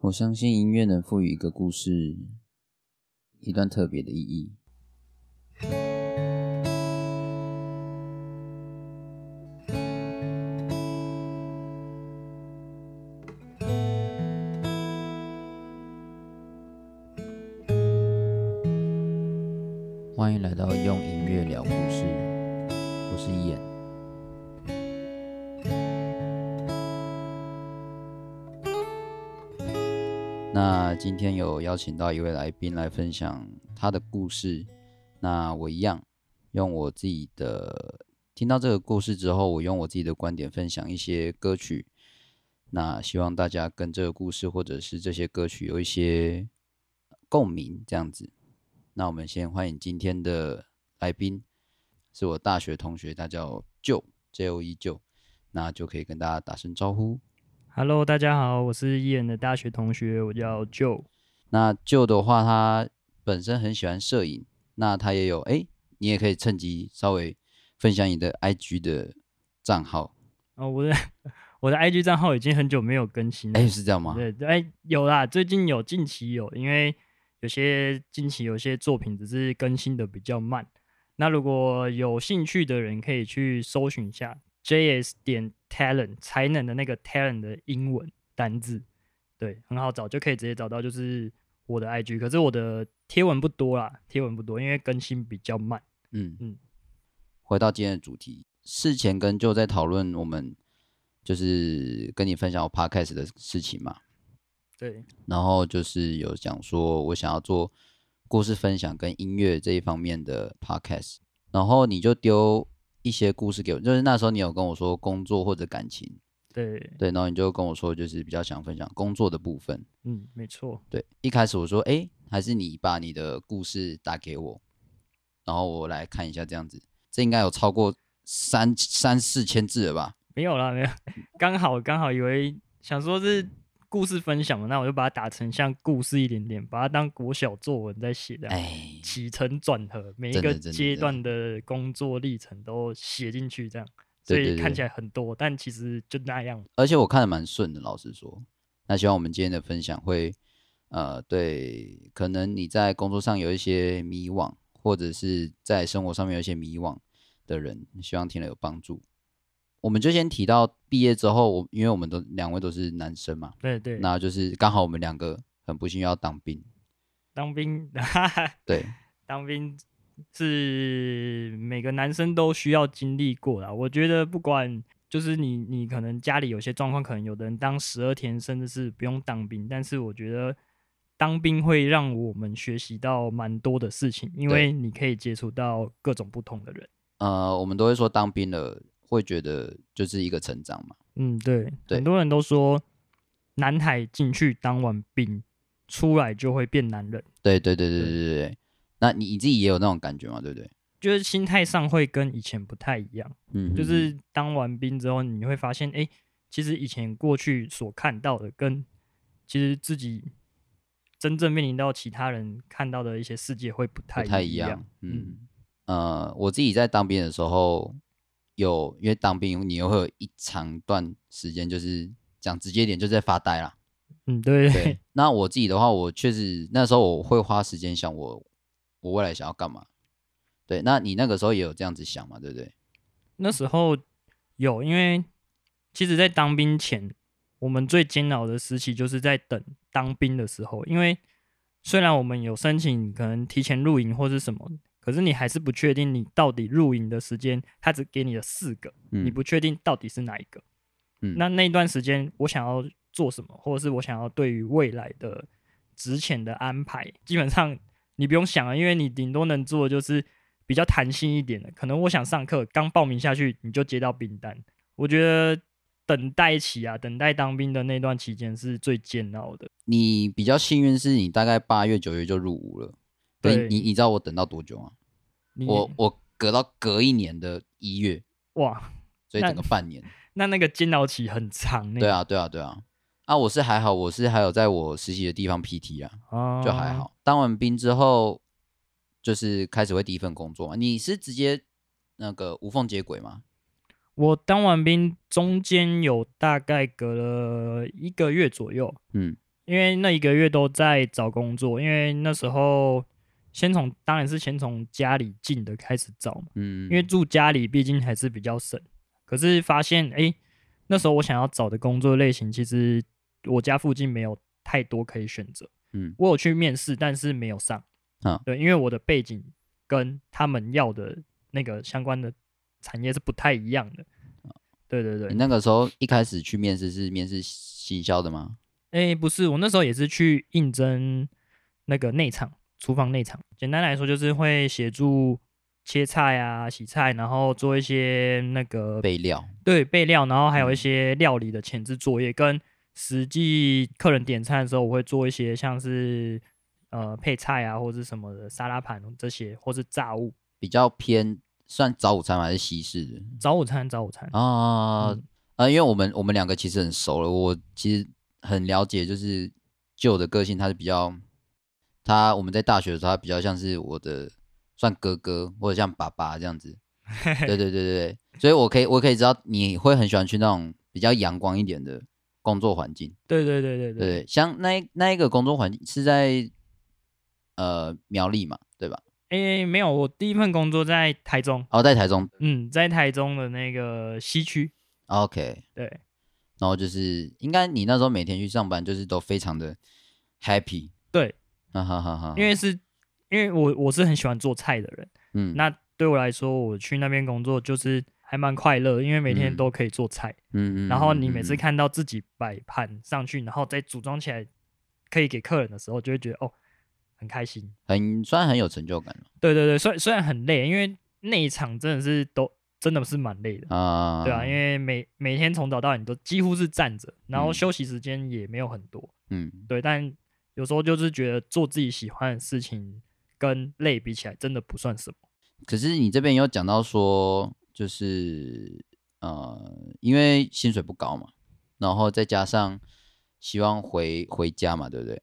我相信音樂能賦予一個故事一段特別的意義。歡迎來到用音。今天有邀請到一位來賓來分享他的故事，那我一樣用我自己的聽到這個故事之後，我用我自己的觀點分享一些歌曲，那希望大家跟這個故事或者是這些歌曲有一些共鳴，這樣子。那我們先歡迎今天的來賓，是我大學同學，他叫 Joe，J-O-E，Joe, 那就可以跟大家打聲招呼。哈嘍，Hello, 大家好，我是 Ian 的大學同學，我叫 Joe。那 Joe 的話，他本身很喜歡攝影，那他也有哎、欸，你也可以趁機稍微分享你的 IG 的賬號。哦，我的我的 IG 賬號已經很久沒有更新了，哎、欸，是這樣嗎？對，哎、欸，有啦，最近有，近期有，因為有些近期有些作品只是更新的比較慢。那如果有興趣的人，可以去搜尋一下 JS 點。talent 才能的那個 talent 的英文單字，對，很好找，就可以直接找到就是我的 IG。可是我的貼文不多啦，貼文不多，因為更新比較慢。嗯嗯。嗯回到今天的主題，事前跟 Joe 在討論我們就是跟你分享我 podcast 的事情嘛。對。然後就是有講說我想要做故事分享跟音樂這一方面的 podcast，然後你就丟。一些故事給我，就是那時候你有跟我說工作或者感情，對，對，對，對，然後你就跟我說，就是比較想分享工作的部分。嗯，沒錯，對。一開始我說，哎、欸，還是你把你的故事打給我，然後我來看一下，這樣子，這應該有超過三三四千字了吧？沒有啦，沒有，剛好剛好以為想說是。故事分享嘛，那我就把它打成像故事一點點，把它當國小作文在寫哎，欸、起承轉合，每一個階段的工作歷程都寫進去這樣，真的真的對，所以看起來很多，對對對，但其實就那樣。而且我看得蠻順的，老實說。那希望我們今天的分享會，呃，對，可能你在工作上有一些迷惘，或者是在生活上面有一些迷惘的人，希望聽了有幫助。我們就先提到畢業之後，我因為我們都兩位都是男生嘛，對對，那就是剛好我們兩個很不幸要當兵，當兵，哈哈對，當兵是每個男生都需要經歷過的。我覺得不管就是你你可能家裡有些狀況，可能有的人當十二天甚至是不用當兵，但是我覺得當兵會讓我們學習到蠻多的事情，因為你可以接觸到各種不同的人。呃，我們都會說當兵的。會覺得就是一個成長嘛。嗯，對，對很多人都說，男孩進去當完兵，出來就會變男人。對，對，對，對，對，對，對，對，對，那你你自己也有那種感覺嗎？對不對，對？就是心態上會跟以前不太一樣。嗯哼，就是當完兵之後，你會發現，哎，欸，其實以前過去所看到的，跟其實自己真正面臨到其他人看到的一些世界會不太不太一樣。嗯，嗯，呃，我自己在當兵的時候。有，因為當兵你又會有一長段時間，就是講直接一點，就在發呆啦。嗯，對，對。對那我自己的話，我確實那時候我會花時間想我，我未來想要幹嘛。對，那你那個時候也有這樣子想嘛？對不對？那時候有，因為其實，在當兵前，我們最煎熬的時期就是在等當兵的時候，因為雖然我們有申請，可能提前入營或是什麼。可是你還是不確定你到底入營的時間，他只給你了四個，嗯、你不確定到底是哪一個。嗯、那那段時間我想要做什麼，或者是我想要對於未來的值錢的安排，基本上你不用想啊，因為你頂多能做的就是比較彈性一點的。可能我想上課，剛報名下去你就接到兵單。我覺得等待期啊，等待當兵的那段期間是最煎熬的。你比較幸運是你大概八月九月就入伍了，對，你你知道我等到多久啊？你我我隔到隔一年的一月哇，所以整個半年，那，那那個煎熬期很長。欸對啊。對啊對啊對啊，啊，我是還好，我是還有在我實習的地方 PT 啊，啊就還好。當完兵之後，就是開始會第一份工作嘛。你是直接那個無縫接軌嗎？我當完兵中間有大概隔了一個月左右，嗯，因為那一個月都在找工作，因為那時候。先從，當然是先從家裡近的開始找嘛，嗯，因為住家裡畢竟還是比較省。可是發現，哎、欸，那時候我想要找的工作類型，其實我家附近沒有太多可以選擇。嗯，我有去面試，但是沒有上。啊，對，因為我的背景跟他們要的那個相關的產業是不太一樣的。啊、對對對。你那個時候一開始去面試是面試行銷的嗎？哎、欸，不是，我那時候也是去應徵那個內場。廚房內場，簡單來說就是會協助切菜啊、洗菜，然後做一些那個備料。對，備料，然後還有一些料理的前置作業，嗯、跟實際客人點餐的時候，我會做一些像是呃配菜啊，或者什麼的沙拉盤這些，或是炸物。比較偏算早午餐還是西式的？早午餐，早午餐啊，嗯、啊，因為我們我們兩個其實很熟了，我其實很了解、就是，就是就我的個性，他是比較。他我們在大學的時候，他比較像是我的算哥哥或者像爸爸這樣子， 對對對對對，所以我可以我可以知道你會很喜歡去那種比較陽光一點的工作環境，對，對對對對對，對對對像那一那一個工作環境是在呃苗栗嘛，對吧？哎、欸，沒有，我第一份工作在台中，哦，在台中，嗯，在台中的那個西區，OK，對，然後就是應該你那時候每天去上班就是都非常的 happy，對。哈哈哈哈，因為是，因為我我是很喜歡做菜的人，嗯，那對我來說，我去那邊工作就是還蠻快樂，因為每天都可以做菜，嗯，然後你每次看到自己擺盤上去，嗯，然後再組裝起來，可以給客人的時候，就會覺得哦，很開心，很雖然很有成就感，對對對，雖雖然很累，因為那一場真的是都真的是蠻累的啊，對啊，因為每每天從早到晚你都幾乎是站着，然後休息時間也沒有很多，嗯，對，但。有時候就是覺得做自己喜歡的事情，跟累比起來，真的不算什麼。可是你這邊又講到說，就是呃，因為薪水不高嘛，然後再加上希望回回家嘛，對不對？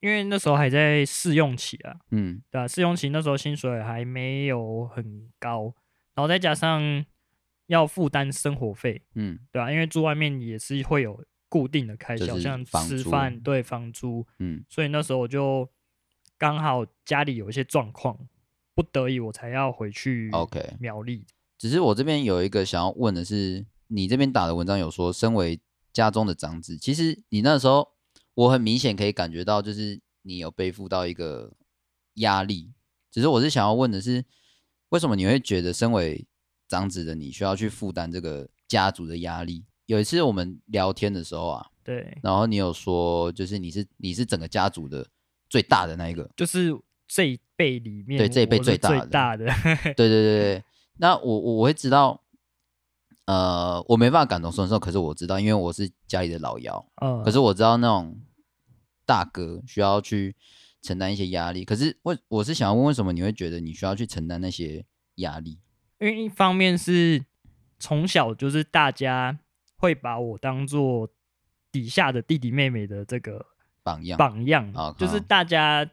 因為那時候還在試用期啊，嗯，對啊，試用期那時候薪水還沒有很高，然後再加上要負擔生活費，嗯，對啊，因為住外面也是會有。固定的開銷，像吃飯、嗯、對，房租，嗯，所以那時候我就剛好家裡有一些狀況，不得已我才要回去。OK，苗栗。Okay. 只是我這邊有一個想要問的是，你這邊打的文章有說，身為家中的長子，其實你那時候，我很明顯可以感覺到，就是你有背負到一個壓力。只是我是想要問的是，為什麼你會覺得身為長子的你需要去負擔這個家族的壓力？有一次我們聊天的時候啊，對，然後你有說，就是你是你是整個家族的最大的那一個，就是這一輩裡面對這一輩最大的，大的，對 對對對。那我我會知道，呃，我沒辦法感同身受，可是我知道，因為我是家裡的老幺，嗯，可是我知道那種大哥需要去承擔一些壓力。可是為，我是想要問，為什麼你會覺得你需要去承擔那些壓力？因為一方面是從小就是大家會把我當做底下的弟弟妹妹的這個榜樣榜樣，就是大家，好好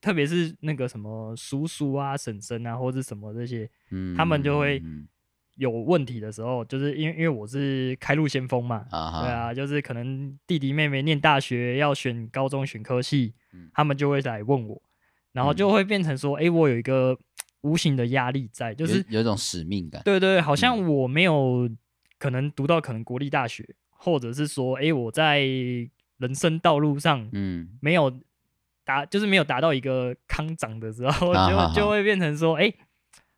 特別是那個什麼叔叔啊、嬸嬸啊，或者什麼這些，嗯、他們就會有問題的時候，嗯、就是因為因為我是開路先鋒嘛，啊哈對啊，就是可能弟弟妹妹念大學要選高中選科系，嗯、他們就會來問我，然後就會變成說，哎、嗯欸，我有一個無形的壓力在，就是有，有一種使命感，對，對對，好像我沒有、嗯。可能讀到可能國立大學，或者是說，哎，我在人生道路上，嗯，沒有達，就是沒有達到一個康長的時候，啊、就就會變成說，哎，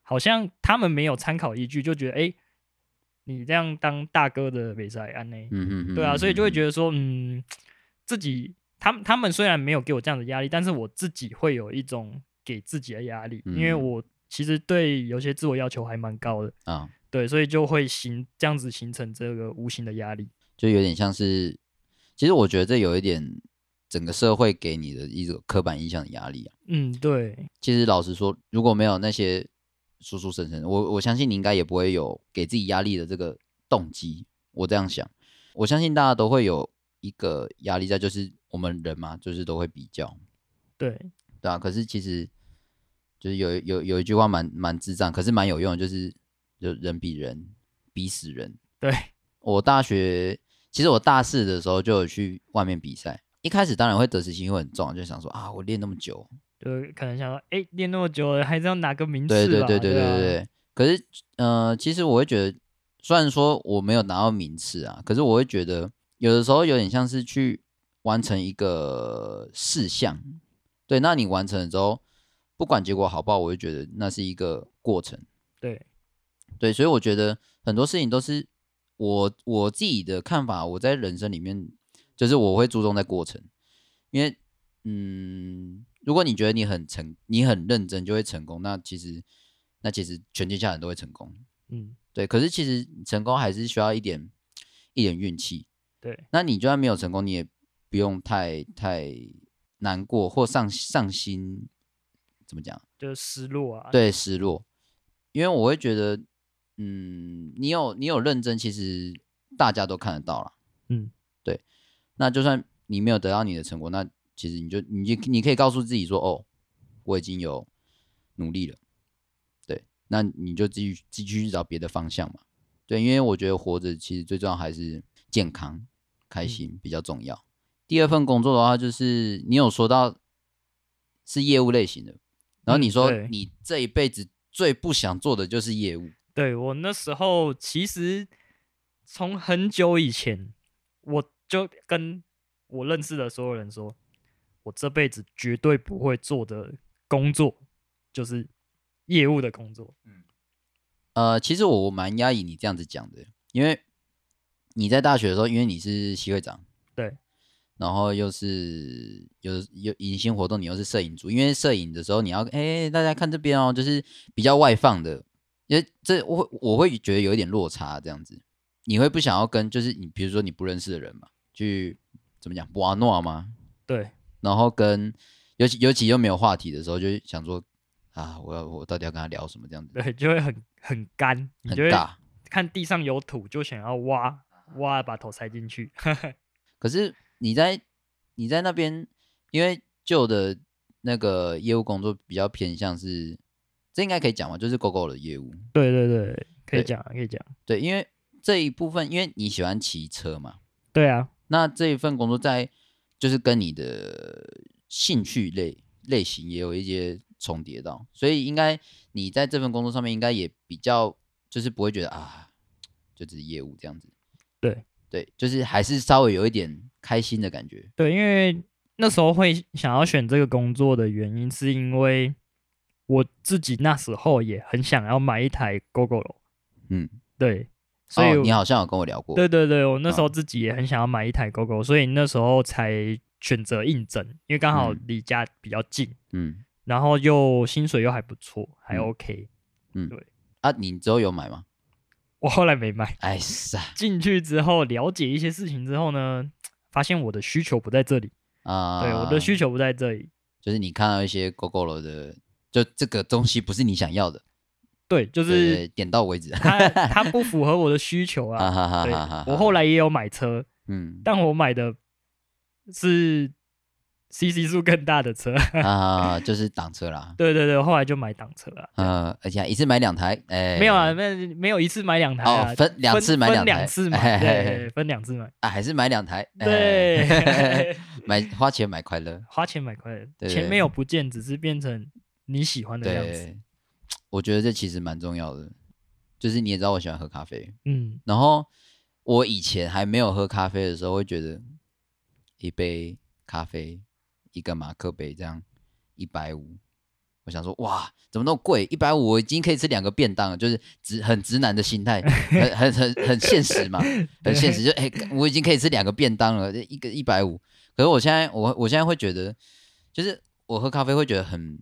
好像他們沒有參考依據，就覺得，哎，你這樣當大哥的袂使按呢，嗯，嗯，嗯，對啊，所以就會覺得說，嗯，自己他們他們雖然沒有給我這樣的壓力，但是我自己會有一種給自己的壓力，嗯、因為我其實對有些自我要求還蠻高的啊。對，所以就會形這樣子形成這個無形的壓力，就有點像是，其實我覺得這有一點整個社會給你的一種刻板印象的壓力啊。嗯，對。其實老實說，如果沒有那些叔叔嬸嬸，我我相信你應該也不會有給自己壓力的這個動機。我這樣想，我相信大家都會有一個壓力在，就是我們人嘛，就是都會比較。對，對啊。可是其實就是有有有一句話蠻蠻智障，可是蠻有用，就是。就人比人，比死人。對，我大學，其實我大四的時候就有去外面比賽。一開始當然會得失心會很重，就想說啊，我練那麼久，就可能想說，哎，練那麼久了還是要拿個名次吧。對，對對對對對對。對啊、可是，呃，其實我會覺得，雖然說我沒有拿到名次啊，可是我會覺得有的時候有點像是去完成一個事項。嗯、對，那你完成了之後，不管結果好不好，我就覺得那是一個過程。對。對，所以我覺得很多事情都是我我自己的看法，我在人生裡面，就是我會注重在過程，因為，嗯，如果你覺得你很成，你很認真就會成功，那其實，那其實全天下人都會成功，嗯，對。可是其實成功還是需要一點一點運氣，對。那你就算沒有成功，你也不用太太難過或上上心，怎麼講？就是失落啊。對，失落，因為我會覺得。嗯，你有你有認真，其實大家都看得到了。嗯，對。那就算你沒有得到你的成果，那其實你就你就你可以告訴自己說，哦，我已經有努力了。對，那你就繼續繼續去找別的方向嘛。對，因為我覺得活着其實最重要還是健康、開心、嗯、比較重要。第二份工作的話，就是你有說到是業務類型的，然後你說你這一輩子最不想做的就是業務。嗯對，我那時候，其實從很久以前，我就跟我認識的所有人說，我這輩子絕對不會做的工作就是業務的工作。嗯，呃，其實我蠻壓抑你這樣子講的，因為你在大學的時候，因為你是系會長，對，然後又是有有迎新活動，你又是攝影組，因為攝影的時候你要，哎，大家看這邊哦，就是比較外放的。因為這我會我會覺得有一點落差，這樣子你會不想要跟就是你比如說你不認識的人嘛，去怎麼講挖鬧嗎？對。然後跟尤其尤其又沒有話題的時候，就想說啊，我要我到底要跟他聊什麼這樣子？對，就會很很乾，很大。看地上有土就想要挖挖，把頭塞進去。 可是你在你在那邊，因為舊的那個業務工作比較偏向是。這應該可以講嘛？就是 GoGo 的業務，對對對，可以講，對可以講。對，因為這一部分，因為你喜歡騎車嘛，對啊。那這一份工作在就是跟你的興趣類類型也有一些重疊到，所以應該你在這份工作上面應該也比較就是不會覺得啊，就只是業務這樣子。對對，就是還是稍微有一點開心的感覺。對，因為那時候會想要選這個工作的原因是因為。我自己那時候也很想要買一台 Gogoro 嗯，對，所以你好像有跟我聊過，對對對，我那時候自己也很想要買一台 Gogoro，所以那時候才選擇應徵，因為剛好離家比較近，嗯，然後又薪水又還不錯，還 OK，嗯，對，啊，你之後有買嗎？我後來沒買，哎呀，進去之後了解一些事情之後呢，發現我的需求不在這裡啊，對，我的需求不在這裡，就是你看到一些 Gogoro 的。就這個東西不是你想要的，對，就是點到為止。它不符合我的需求啊。我後來也有買車，嗯，但我買的是 CC 數更大的車啊，就是擋車啦。對對對，後來就買擋車了。嗯，而且一次買兩台，哎，沒有啊，沒沒有一次買兩台，分兩次買兩台，對對，分兩次買。啊，還是買兩台。對，買花錢買快樂，花錢買快樂，錢沒有不見，只是變成。你喜歡的樣子，對，我覺得這其實蠻重要的。就是你也知道我喜歡喝咖啡，嗯。然後我以前還沒有喝咖啡的時候，會覺得一杯咖啡一個馬克杯這樣一百五，我想說哇，怎麼那麼貴？一百五我已經可以吃兩個便當了，就是直很直男的心態，很很很很現實嘛，很現實，就哎我已經可以吃兩個便當了，一個一百五。可是我現在我我現在會覺得，就是我喝咖啡會覺得很。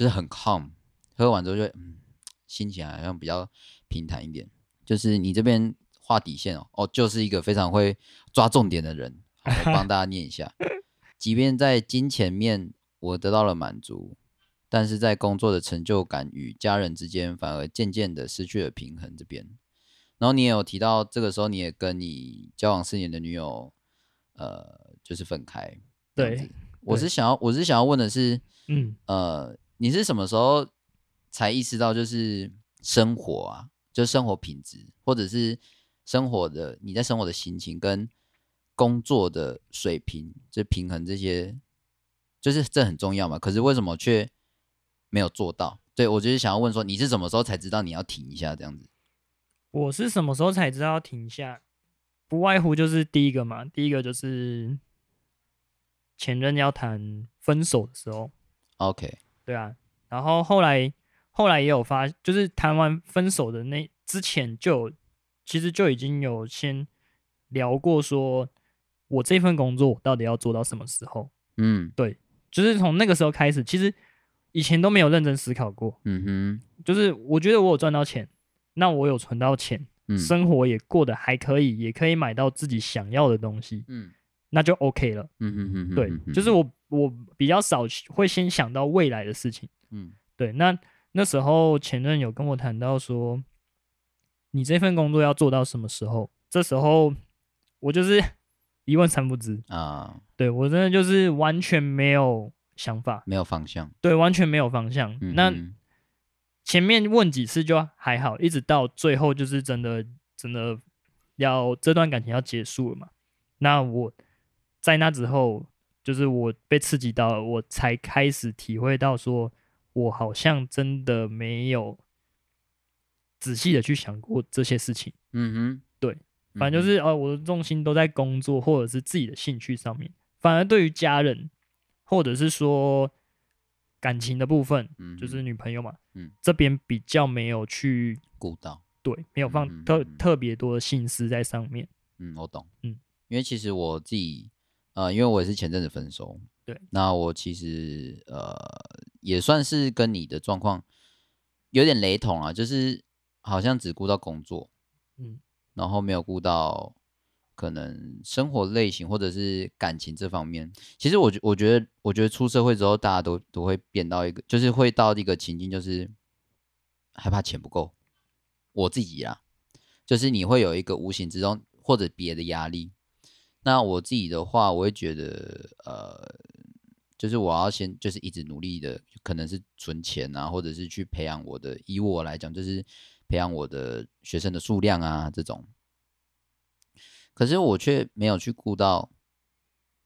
就是很 calm，喝完之後就、嗯、心情好像比較平坦一點。就是你這邊畫底線哦，哦，就是一個非常會抓重點的人。幫大家念一下。 即便在金錢面我得到了滿足，但是在工作的成就感與家人之間，反而漸漸的失去了平衡。這邊，然後你也有提到，這個時候你也跟你交往四年的女友，呃，就是分開對。對，我是想要，我是想要問的是，嗯，呃。你是什麼時候才意識到，就是生活啊，就生活品質，或者是生活的你在生活的心情跟工作的水平，就平衡這些，就是這很重要嘛？可是為什麼卻沒有做到？對，我就是想要問說，你是什麼時候才知道你要停一下這樣子？我是什麼時候才知道要停一下？不外乎就是第一個嘛，第一個就是前任要談分手的時候。OK。對啊，然後後來後來也有發，就是談完分手的那之前就有，其實就已經有先聊過，說我這份工作到底要做到什麼時候？嗯，對，就是從那個時候開始，其實以前都沒有認真思考過。嗯哼，就是我覺得我有賺到錢，那我有存到錢，嗯、生活也過得還可以，也可以買到自己想要的東西。嗯，那就 OK 了。嗯哼哼，哼，哼，哼，哼，哼，對，就是我。我比較少會先想到未來的事情，嗯，對。那那時候前任有跟我談到說，你這份工作要做到什麼時候？這時候我就是一問三不知啊，對，對我真的就是完全沒有想法，沒有方向，對，完全沒有方向。嗯嗯，那前面問幾次就還好，一直到最後就是真的真的要這段感情要結束了嘛？那我在那之後。就是我被刺激到了，我才開始體會到說，說我好像真的沒有仔細的去想過這些事情。嗯哼，對，反正就是嗯嗯哦，我的重心都在工作或者是自己的興趣上面，反而對於家人或者是說感情的部分，嗯、哼就是女朋友嘛，嗯、這邊比較沒有去顧到，對，沒有放特嗯嗯嗯特別多的心思在上面。嗯，我懂，嗯，因為其實我自己。呃，因為我也是前陣子分手，對，那我其實呃也算是跟你的狀況有點雷同啊，就是好像只顧到工作，嗯，然後沒有顧到可能生活類型或者是感情這方面。其實我覺我覺得我覺得出社會之後，大家都都會變到一個，就是會到一個情境，就是害怕錢不夠。我自己啊，就是你會有一個無形之中或者別的壓力。那我自己的話，我會覺得，呃，就是我要先，就是一直努力的，可能是存錢啊，或者是去培養我的。以我來講，就是培養我的學生的數量啊，這種。可是我卻沒有去顧到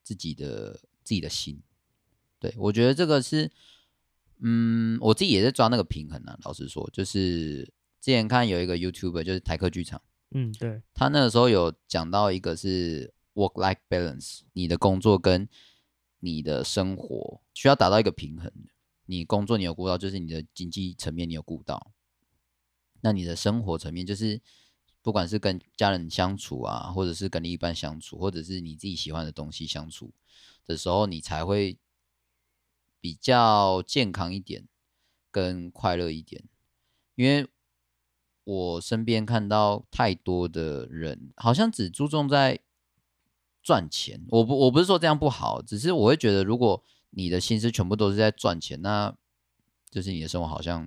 自己的自己的心。對我覺得這個是，嗯，我自己也在抓那個平衡啊。老實說，就是之前看有一個 YouTube，就是台客劇場，嗯，對，他那個時候有講到一個是。Work-life balance，你的工作跟你的生活需要達到一個平衡。你工作你有顧到，就是你的經濟層面你有顧到，那你的生活層面，就是不管是跟家人相處啊，或者是跟另一半相處，或者是你自己喜歡的東西相處的時候，你才會比較健康一點，跟快樂一點。因為我身邊看到太多的人，好像只注重在。賺錢，我不我不是說這樣不好，只是我會覺得，如果你的心思全部都是在賺錢，那就是你的生活，好像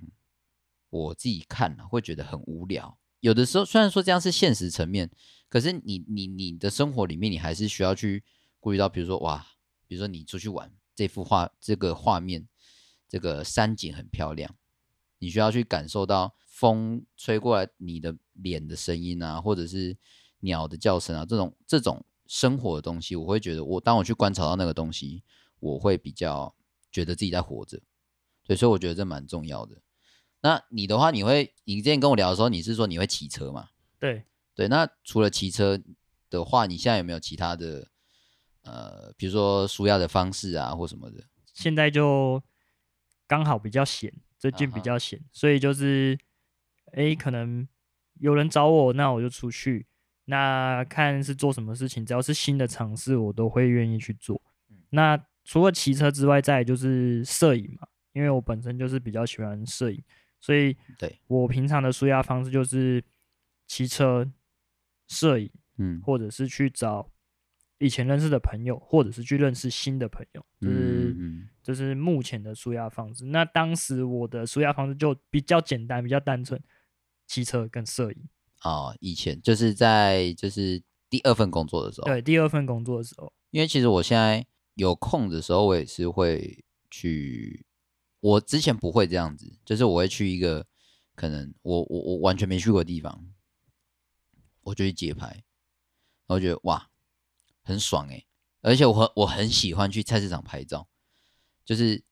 我自己看啊，會覺得很無聊。有的時候雖然說這樣是現實層面，可是你你你的生活裡面，你還是需要去顧慮到，比如說哇，比如說你出去玩，這幅畫，這個畫面，這個山景很漂亮，你需要去感受到風吹過來你的臉的聲音啊，或者是鳥的叫聲啊，這種這種。生活的東西，我會覺得我當我去觀察到那個東西，我會比較覺得自己在活着，對，所以我覺得這蠻重要的。那你的話，你會你之前跟我聊的時候，你是說你會騎車嗎？對對。那除了騎車的話，你現在有沒有其他的呃，比如說舒壓的方式啊，或什麼的？現在就剛好比較閒，最近比較閒，啊、哈所以就是誒、欸，可能有人找我，那我就出去。那看是做什麼事情，只要是新的嘗試，我都會願意去做。嗯、那除了騎車之外，再就是攝影嘛，因為我本身就是比較喜歡攝影，所以對我平常的舒壓方式就是騎車、攝影，嗯，或者是去找以前認識的朋友，或者是去認識新的朋友，就是嗯嗯就是目前的舒壓方式。那當時我的舒壓方式就比較簡單，比較單純，騎車跟攝影。啊、哦，以前就是在就是第二份工作的時候，對，第二份工作的時候，因為其實我現在有空的時候，我也是會去，我之前不會這樣子，就是我會去一個可能我我我完全沒去過的地方，我就去街拍，然後我覺得哇，很爽哎、欸，而且我很我很喜歡去菜市場拍照，就是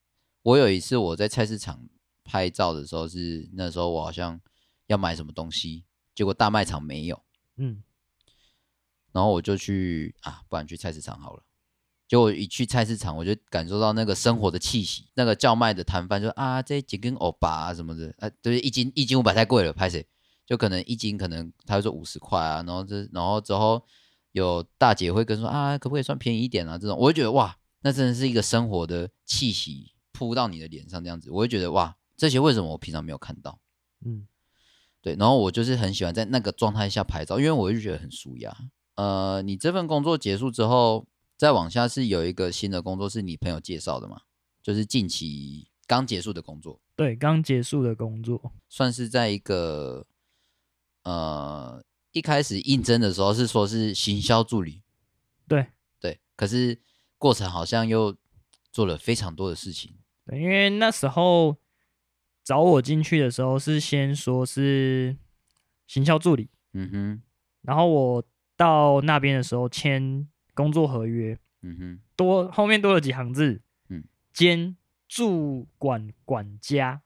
我有一次我在菜市場拍照的時候是，是那時候我好像要買什麼東西。結果大賣場沒有，嗯，然後我就去啊，不然去菜市場好了。結果一去菜市場，我就感受到那個生活的氣息，嗯，那個叫賣的攤販就說啊，這幾根歐巴啊什麼的，啊對，就是，一斤一斤五百太貴了，歹勢，就可能一斤可能他就說五十塊啊，然後這然後之後有大姐會跟說啊，可不可以算便宜一點啊？這種我就覺得哇，那真的是一個生活的氣息撲到你的臉上這樣子，我就覺得哇，這些為什麼我平常沒有看到？嗯。對，然後我就是很喜歡在那個狀態下拍照，因為我就覺得很舒壓。呃，你這份工作結束之後，再往下是有一個新的工作，是你朋友介紹的嘛？就是近期剛結束的工作。對，剛結束的工作，算是在一個呃一開始應徵的時候是說是行銷助理，對對，可是過程好像又做了非常多的事情，對，因為那時候。找我進去的時候是先說是行銷助理，嗯哼，然後我到那邊的時候簽工作合約，嗯哼，多後面多了幾行字，嗯，兼住管管家，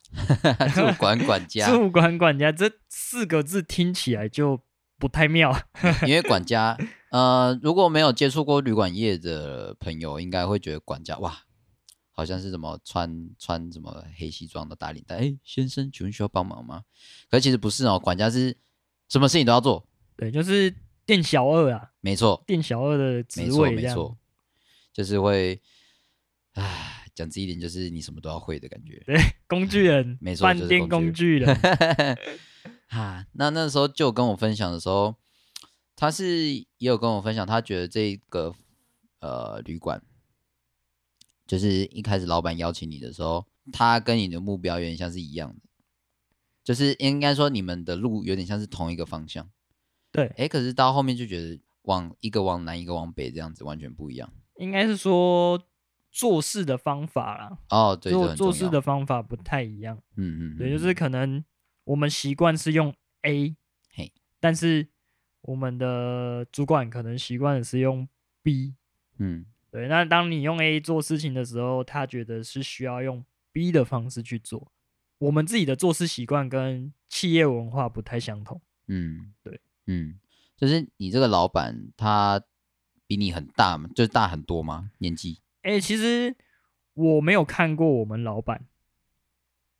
住 管管家，住 管管家這四個字聽起來就不太妙， 因為管家，呃，如果沒有接觸過旅館業的朋友，應該會覺得管家哇。好像是什麼穿穿什麼黑西裝的大領帶，欸，先生，請問需要幫忙嗎？可是其實不是喔，管家是什麼事情都要做，對，就是店小二啊，沒錯，店小二的職位，沒錯，就是會，唉，講直一點，就是你什麼都要會的感覺，對，工具人，沒錯，就是工具人。哈， 那那時候就跟我分享的時候，他是也有跟我分享，他覺得這個呃旅館。就是一開始老闆邀請你的時候，他跟你的目標有點像是一樣的，就是應該說你們的路有點像是同一個方向。對，哎、欸，可是到後面就覺得往一個往南，一個往北，這樣子完全不一樣。應該是說做事的方法啦。哦，對，做對做事的方法不太一樣。嗯嗯，對，嗯、就是可能我們習慣是用 A，嘿，但是我們的主管可能習慣的是用 B。嗯。對，那當你用 A 做事情的時候，他覺得是需要用 B 的方式去做。我們自己的做事習慣跟企業文化不太相同。嗯，對，嗯，就是你這個老板他比你很大嗎？就是大很多嗎？年紀。誒、欸，其實我沒有看過我們老板。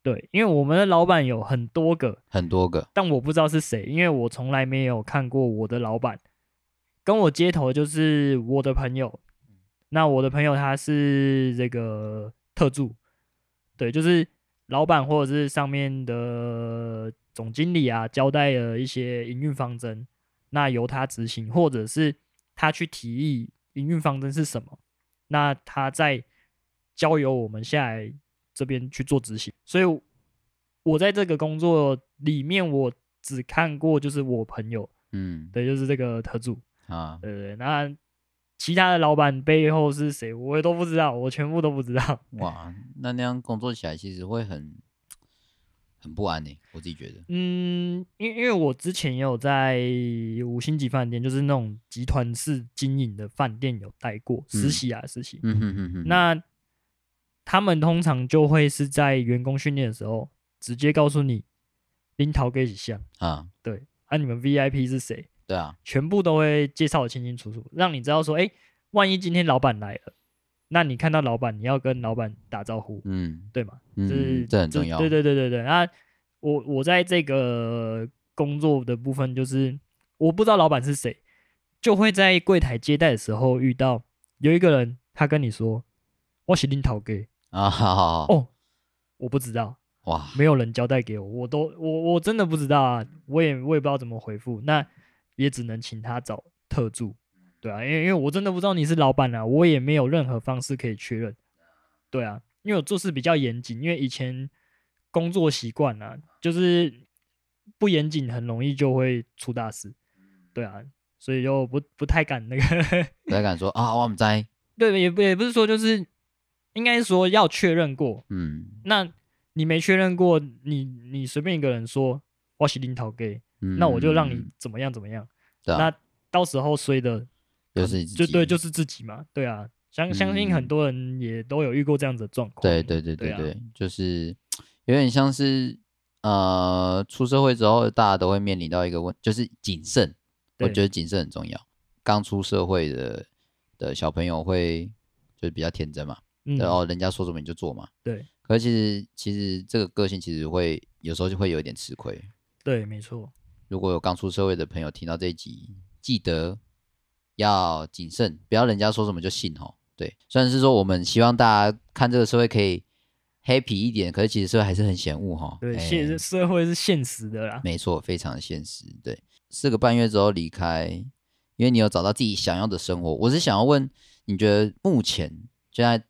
對，因為我們的老板有很多個，很多個，但我不知道是誰，因為我從來沒有看過我的老板。跟我接頭就是我的朋友。那我的朋友他是這個特助，對，就是老闆或者是上面的總經理啊，交代了一些營運方針，那由他執行，或者是他去提議營運方針是什麼，那他再交由我們下來這邊去做執行。所以，我在這個工作裡面，我只看過就是我朋友，嗯，對，就是這個特助啊，對，對對，那。其他的老闆背後是誰，我也都不知道，我全部都不知道。哇，那那樣工作起來其實會很很不安的欸，我自己覺得。嗯，因為因為我之前也有在五星級飯店，就是那種集團式經營的飯店有待過實習啊，實習。嗯嗯嗯嗯。那他們通常就會是在員工訓練的時候，直接告訴你領導給誰像啊？對，啊你們 VIP 是誰？啊，全部都會介紹得清清楚楚，讓你知道說，哎、欸，萬一今天老闆來了，那你看到老闆，你要跟老闆打招呼，嗯，對嗎，嗯，這，這很重要，對對對對對。那我我在這個工作的部分，就是我不知道老闆是誰，就會在櫃檯接待的時候遇到有一個人，他跟你說，我是林濤哥啊，好好哦，我不知道，哇，沒有人交代給我，我都我我真的不知道啊，我也我也不知道怎麼回覆那。也只能請他找特助，對啊，因為因為我真的不知道你是老闆啊，我也沒有任何方式可以確認，對啊，因為我做事比較嚴謹，因為以前工作習慣啊，就是不嚴謹很容易就會出大事，對啊，所以就不不太敢那個 ，不太敢說啊、哦，我不知道對，也也不是說就是，應該說要確認過，嗯，那你沒確認過，你你隨便一個人說，我是你老闆給。嗯、那我就讓你怎麼樣怎麼樣，嗯對啊、那到時候衰的，就是你自己就對，就是自己嘛，對啊，相、嗯、相信很多人也都有遇過這樣子的狀況。對，對對對對對，對啊、就是有點像是呃，出社會之後，大家都會面臨到一個問，就是謹慎。對我覺得謹慎很重要。剛出社會的的小朋友會就是比較天真嘛，嗯、然後人家說什麼你就做嘛。對，可是其實其實這個個性其實會有時候就會有一點吃虧。對，沒錯。如果有剛出社會的朋友聽到這一集，記得要謹慎，不要人家說什麼就信哈。對，雖然是說我們希望大家看這個社會可以 happy 一點，可是其實社會還是很險惡哈。對，現、嗯、社會是現實的啦。沒錯，非常現實。對，四個半月之後離開，因為你有找到自己想要的生活。我是想要問，你覺得目前現在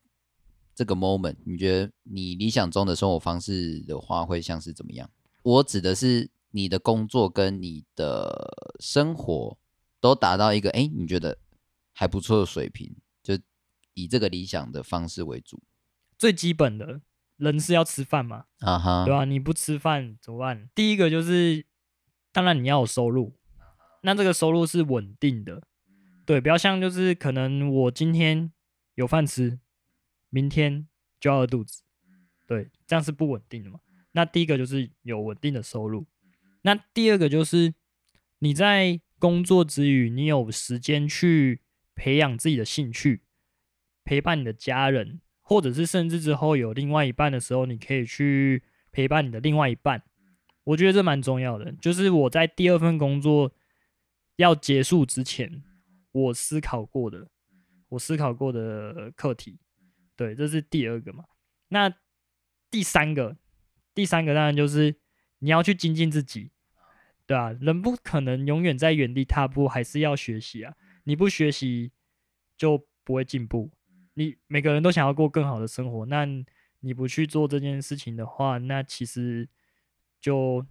這個 moment，你覺得你理想中的生活方式的話，會像是怎麼樣？我指的是。你的工作跟你的生活都達到一個哎、欸，你覺得還不錯的水平，就以這個理想的方式為主。最基本的，人是要吃飯嘛，啊哈、uh-huh. 對啊，你不吃飯怎麼辦？第一個就是，當然你要有收入，那這個收入是穩定的，對，不要像就是可能我今天有飯吃，明天就要餓肚子，對，這樣是不穩定的嘛。那第一個就是有穩定的收入。那第二個就是你在工作之餘，你有時間去培養自己的興趣，陪伴你的家人，或者是甚至之後有另外一半的時候，你可以去陪伴你的另外一半。我覺得這蠻重要的。就是我在第二份工作要結束之前，我思考過的，我思考過的課題。對，這是第二個嘛。那第三個，第三個當然就是。你要去精進自己，對啊，人不可能永遠在原地踏步，還是要學習啊！你不學習就不會進步。你每個人都想要過更好的生活，那你不去做這件事情的話，那其實就，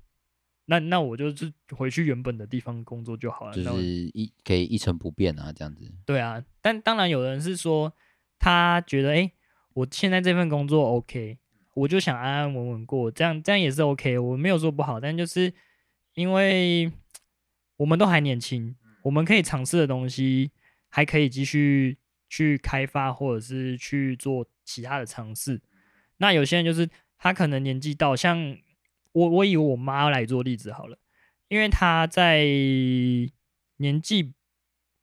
那那我就是回去原本的地方工作就好了，就是一可以一成不變啊，這樣子。對啊，但當然有人是說，他覺得誒、欸，我現在這份工作 OK。我就想安安穩穩過，這樣這樣也是 OK。我沒有說不好，但就是因為我們都還年輕，我們可以嘗試的東西還可以繼續去開發，或者是去做其他的嘗試。那有些人就是他可能年紀到，像我，我以我媽來做例子好了，因為她在年紀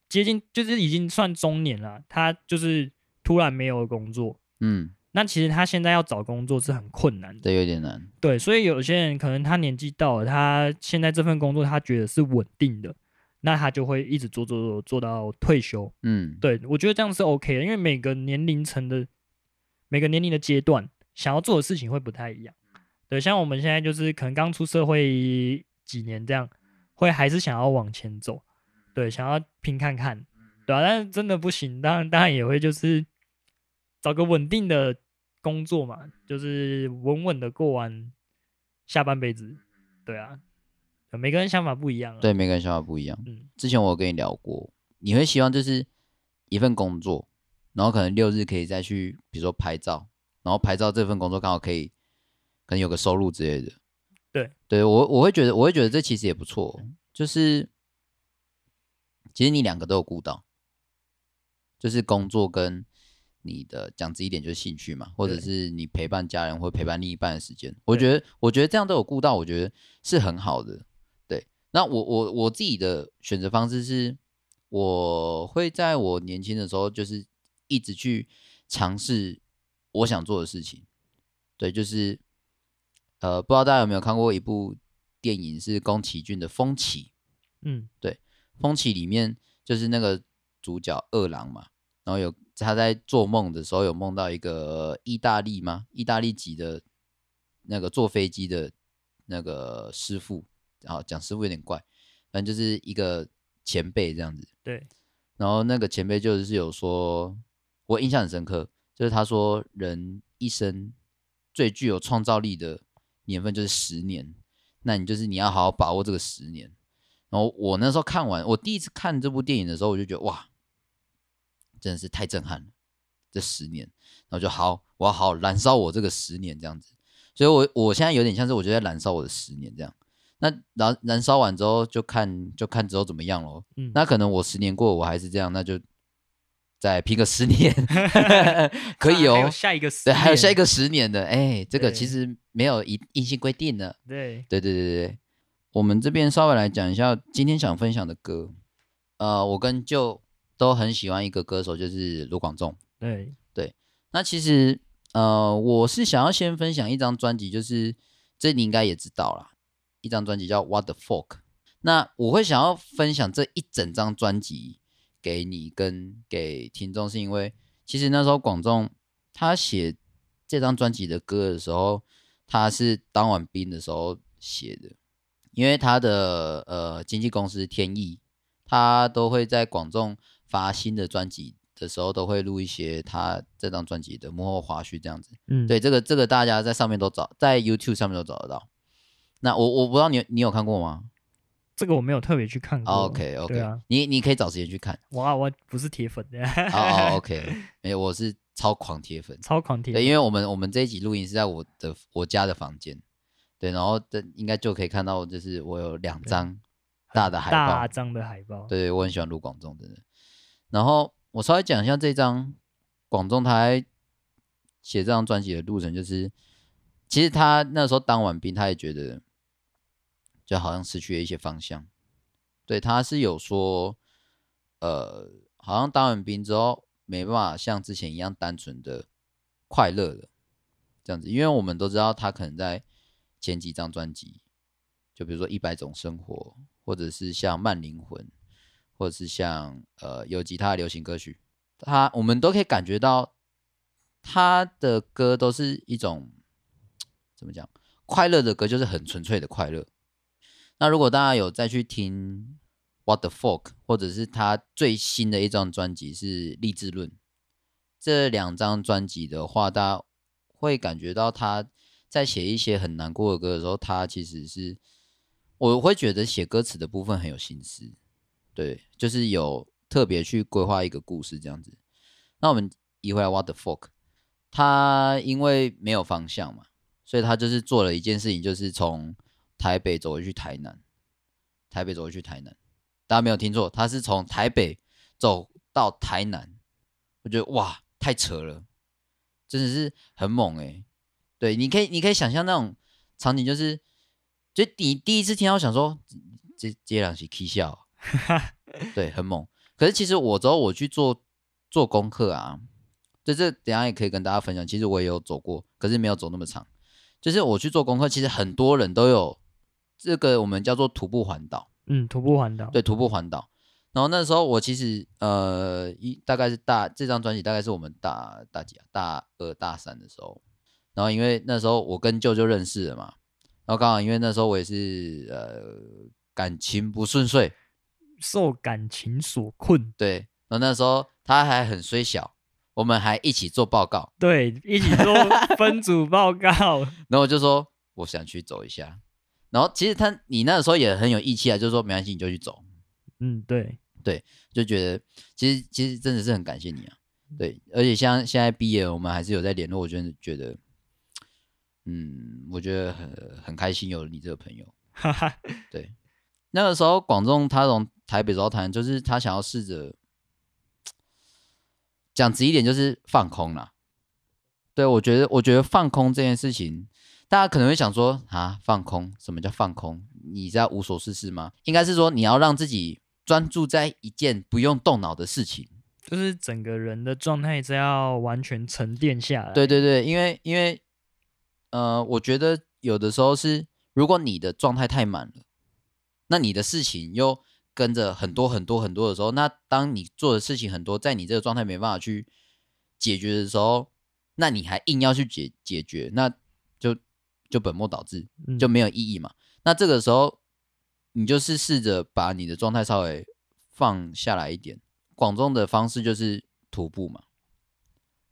接近，就是已經算中年了，她就是突然沒有工作，嗯。那其實他現在要找工作是很困難的，對，有點難。對，所以有些人可能他年紀到了，他現在這份工作他覺得是穩定的，那他就會一直做做做，做到退休。嗯，對，我覺得這樣是 OK 的，因為每個年齡層的每個年齡的階段想要做的事情會不太一樣。對，像我們現在就是可能剛出社會幾年這樣，會還是想要往前走，對，想要拼看看，對啊。但是真的不行，當然當然也會就是。找個穩定的工作嘛，就是穩穩的過完下半輩子，對啊，每個人想法不一樣啊。對，每個人想法不一樣。嗯，之前我有跟你聊過，你會希望就是一份工作，然後可能六日可以再去，比如說拍照，然後拍照這份工作剛好可以，可能有個收入之類的。對，對我我會覺得，我會覺得這其實也不錯。對就是其實你兩個都有顧到，就是工作跟。你的講直一點，就是興趣嘛，或者是你陪伴家人對或陪伴另一半的時間。我覺得，對我覺得這樣都有顧到，我覺得是很好的。對，那我我我自己的選擇方式是，我會在我年輕的時候，就是一直去嘗試我想做的事情。對，就是，呃，不知道大家有沒有看過一部電影，是宮崎駿的《風起》。嗯，對，《風起》裡面就是那個主角二郎嘛。然後有他在做夢的時候，有夢到一個意大利嗎？意大利籍的那個坐飛機的那個師傅，然後講師傅有點怪，反正就是一個前輩這樣子。對。然後那個前輩就是有說，我印象很深刻，就是他說人一生最具有創造力的年份就是十年，那你就是你要好好把握這個十年。然後我那時候看完，我第一次看這部電影的時候，我就覺得哇。真的是太震撼了，這十年，然後就好，我要好燃燒我這個十年這樣子，所以我，我我現在有點像是，我就在燃燒我的十年這樣。那燃燃燒完之後，就看就看之後怎麼樣嘍。嗯，那可能我十年過，我還是這樣，那就再拼個十年， 可以哦。 下一個十，十，還有下一個十年的，哎、欸，這個其實沒有一硬對性規定的。對對對對對，我們這邊稍微來講一下今天想分享的歌，呃，我跟就。都很喜歡一個歌手，就是盧廣仲對。對對，那其實呃，我是想要先分享一張專輯，就是這你應該也知道啦，一張專輯叫《What a Folk》那我會想要分享這一整張專輯給你跟給聽眾，是因為其實那時候廣仲他寫這張專輯的歌的時候，他是當完兵的時候寫的，因為他的呃經紀公司天意，他都會在廣仲。發新的專輯的時候，都會錄一些他這張專輯的幕後花絮這樣子。嗯，對，這個這個大家在上面都找，在 YouTube 上面都找得到。那我我不知道你你有看過嗎？這個我沒有特別去看過。哦、OK OK，對啊，你你可以找時間去看。哇，我不是鐵粉的。 哦哦，OK，沒有，我是超狂鐵粉。超狂鐵粉。對，因為我們我們這一集錄音是在我的我家的房間，對，然後這應該就可以看到，就是我有兩張大的海報。大張的海報。對，我很喜歡盧廣仲，真的。然後我稍微講一下這一張，廣仲他寫這張專輯的路程，就是其實他那時候當完兵，他也覺得就好像失去了一些方向。對，他是有說，呃，好像當完兵之後沒辦法像之前一樣單純的快樂了，這樣子。因為我們都知道他可能在前幾張專輯，就比如說《一百種生活》或者是像《慢靈魂》。或者是像呃有吉他的流行歌曲，他我們都可以感覺到他的歌都是一種怎麼講，快樂的歌，就是很純粹的快樂。那如果大家有再去聽《What a Folk》，或者是他最新的一張專輯是《勵志論》，這兩張專輯的話，大家會感覺到他在寫一些很難過的歌的時候，他其實是我會覺得寫歌詞的部分很有心思。對，就是有特別去規劃一個故事這樣子。那我們移回來 What a Folk，他因為沒有方向嘛，所以他就是做了一件事情，就是從台北走回去台南，台北走回去台南。大家沒有聽錯，他是從台北走到台南。我覺得哇，太扯了，真的是很猛哎，欸。對，你可以，你可以想象那種場景，就是，就你第一次聽到我想說，這這兩集開笑。 對，很猛。可是其實我之後我去做做功課啊，就這等下也可以跟大家分享。其實我也有走過，可是沒有走那麼長。就是我去做功課，其實很多人都有這個我們叫做徒步環島。嗯，徒步環島。對，徒步環島。嗯。然後那時候我其實呃，一大概是大這張專輯大概是我們大大幾啊？大二大三的時候。然後因為那時候我跟舅舅認識了嘛，然後剛好因為那時候我也是呃感情不順遂。受感情所困，對，然後那時候他還很衰小，我們還一起做報告，對，一起做分組報告， 然後我就說我想去走一下，然後其實他你那個時候也很有義氣啊，就是說沒關係你就去走，嗯，對對，就覺得其實其實真的是很感謝你啊，嗯、對，而且像現在畢業我們還是有在聯絡，我真的覺得，嗯，我覺得很很開心有你這個朋友，哈哈，對。那個時候，廣仲他從台北時候談，就是他想要試着講直一點，就是放空了。對，我覺得，我覺得放空這件事情，大家可能會想說啊，放空？什麼叫放空？你在無所事事嗎？應該是說，你要讓自己專注在一件不用動腦的事情，就是整個人的狀態只要完全沉澱下來。對對對，因為因為呃，我覺得有的時候是，如果你的狀態太滿了。那，你的事情又跟着很多很多很多的時候，那當你做的事情很多，在你這個狀態沒辦法去解決的時候，那你還硬要去解解決，那就就本末倒置，就沒有意義嘛。嗯、那這個時候，你就是試着把你的狀態稍微放下來一點。廣仲的方式就是徒步嘛，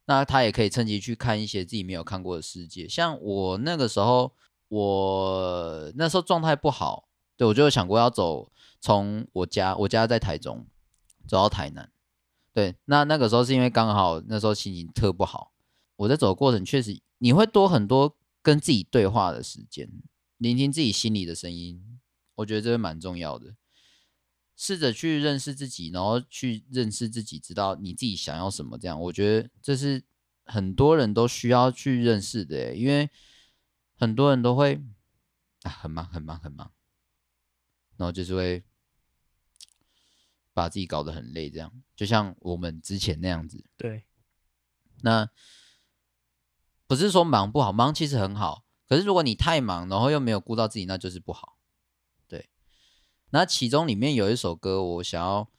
那他也可以趁機去看一些自己沒有看過的世界。像我那個時候，我那時候狀態不好。對，我就有想過要走，從我家，我家在台中，走到台南。對，那那個時候是因為剛好那時候心情特不好。我在走的過程，確實你會多很多跟自己對話的時間，聆聽自己心裡的聲音。我覺得這是蠻重要的，試着去認識自己，然後去認識自己，知道你自己想要什麼。這樣，我覺得這是很多人都需要去認識的，因為很多人都會啊，很忙，很忙，很忙。然後就是會把自己搞得很累，這樣，就像我們之前那樣子。對。那不是說忙不好，忙其實很好，可是如果你太忙，然後又沒有顧到自己，那就是不好。對。那其中裡面有一首歌，我想要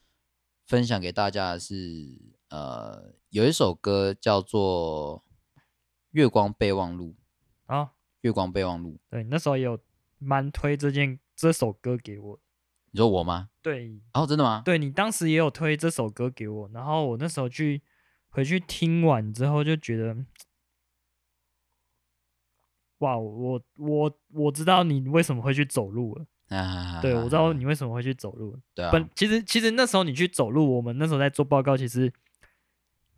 分享給大家的是，呃，有一首歌叫做《月光備忘錄》。啊、哦。月光備忘錄。對，那時候有蠻推這件。這首歌給我。你說我嗎？對，然後、哦、真的嗎？對，你當時也有推這首歌給我，然後我那時候去回去聽完之後，就覺得，哇，我我我，我知道你為什麼會去走路了啊哈！對，我知道你為什麼會去走路了。對啊哈哈，其實其實那時候你去走路，我們那時候在做報告，其實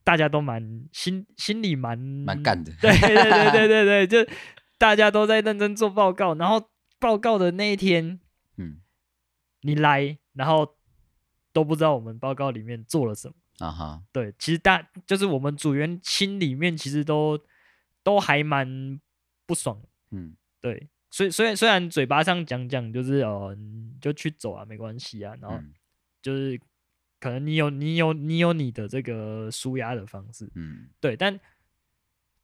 大家都蠻心心裡蠻蠻幹的。對。對對對對對對， 就大家都在認真做報告，然後。報告的那一天，嗯，你來，然後都不知道我們報告裡面做了什麼。啊哈，對，其實大，就是我們組員心裡面其實都都還蠻不爽，嗯，對，雖雖雖然嘴巴上講講，就是哦、呃，就去走啊，沒關係啊，然後就是可能你有你有你有你的這個舒壓的方式，嗯，對，但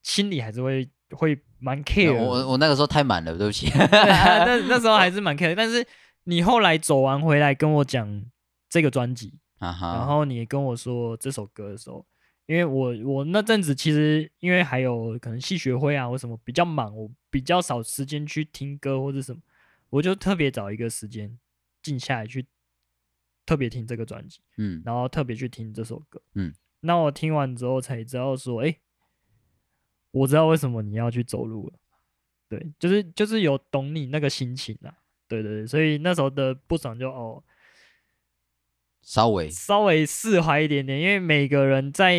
心裡還是會。會蠻 care 的，嗯，我我那個時候太滿了，對不起。但， 啊啊，那，那時候還是蠻 care。但是你後來走完回來跟我講這個專輯，啊，哈，然後你跟我說這首歌的時候，因為我我那陣子其實因為還有可能系學會啊或什麼比較忙，我比較少時間去聽歌或者什麼，我就特別找一個時間靜下來去特別聽這個專輯，嗯，然後特別去聽這首歌，嗯，那我聽完之後才知道說，誒，欸。我知道為什麼你要去走路了，對，就是就是有懂你那個心情了，啊，對，對對，所以那時候的不爽就哦，稍微稍微釋懷一點點，因為每個人在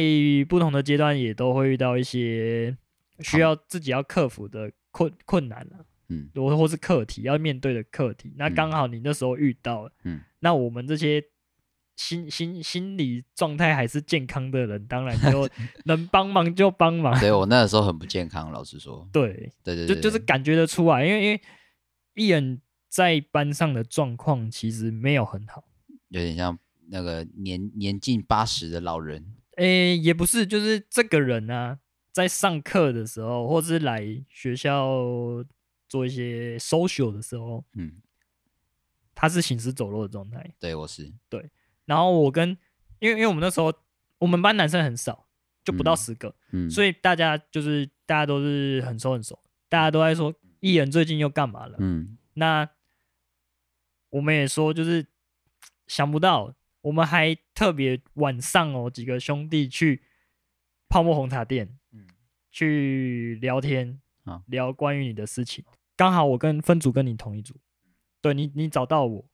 不同的階段也都會遇到一些需要自己要克服的困困難嗯、啊、或、啊、或是課題要面對的課題，嗯、那剛好你那時候遇到了，嗯，那我們這些。心心心理狀態還是健康的人，當然就能幫忙就幫忙。 對，我那個時候很不健康，老實說。對對，對對對，就就是感覺得出來，因為因為 Ian 在班上的狀況其實沒有很好，有點像那個年年近八十的老人。誒、欸，也不是，就是這個人啊，在上課的時候，或是來學校做一些 social 的時候，嗯，他是行屍走肉的狀態。對，我是，對。然後我跟，因為因為我們那時候我們班男生很少，就不到十個。嗯，嗯。所以大家就是大家都是很熟很熟，大家都在說 Ian 最近又幹嘛了。嗯，那我們也說就是想不到，我們還特別晚上哦，幾個兄弟去泡沫紅茶店，嗯，去聊天啊，聊關於你的事情。剛好我跟分組跟你同一組，對，你你找到我。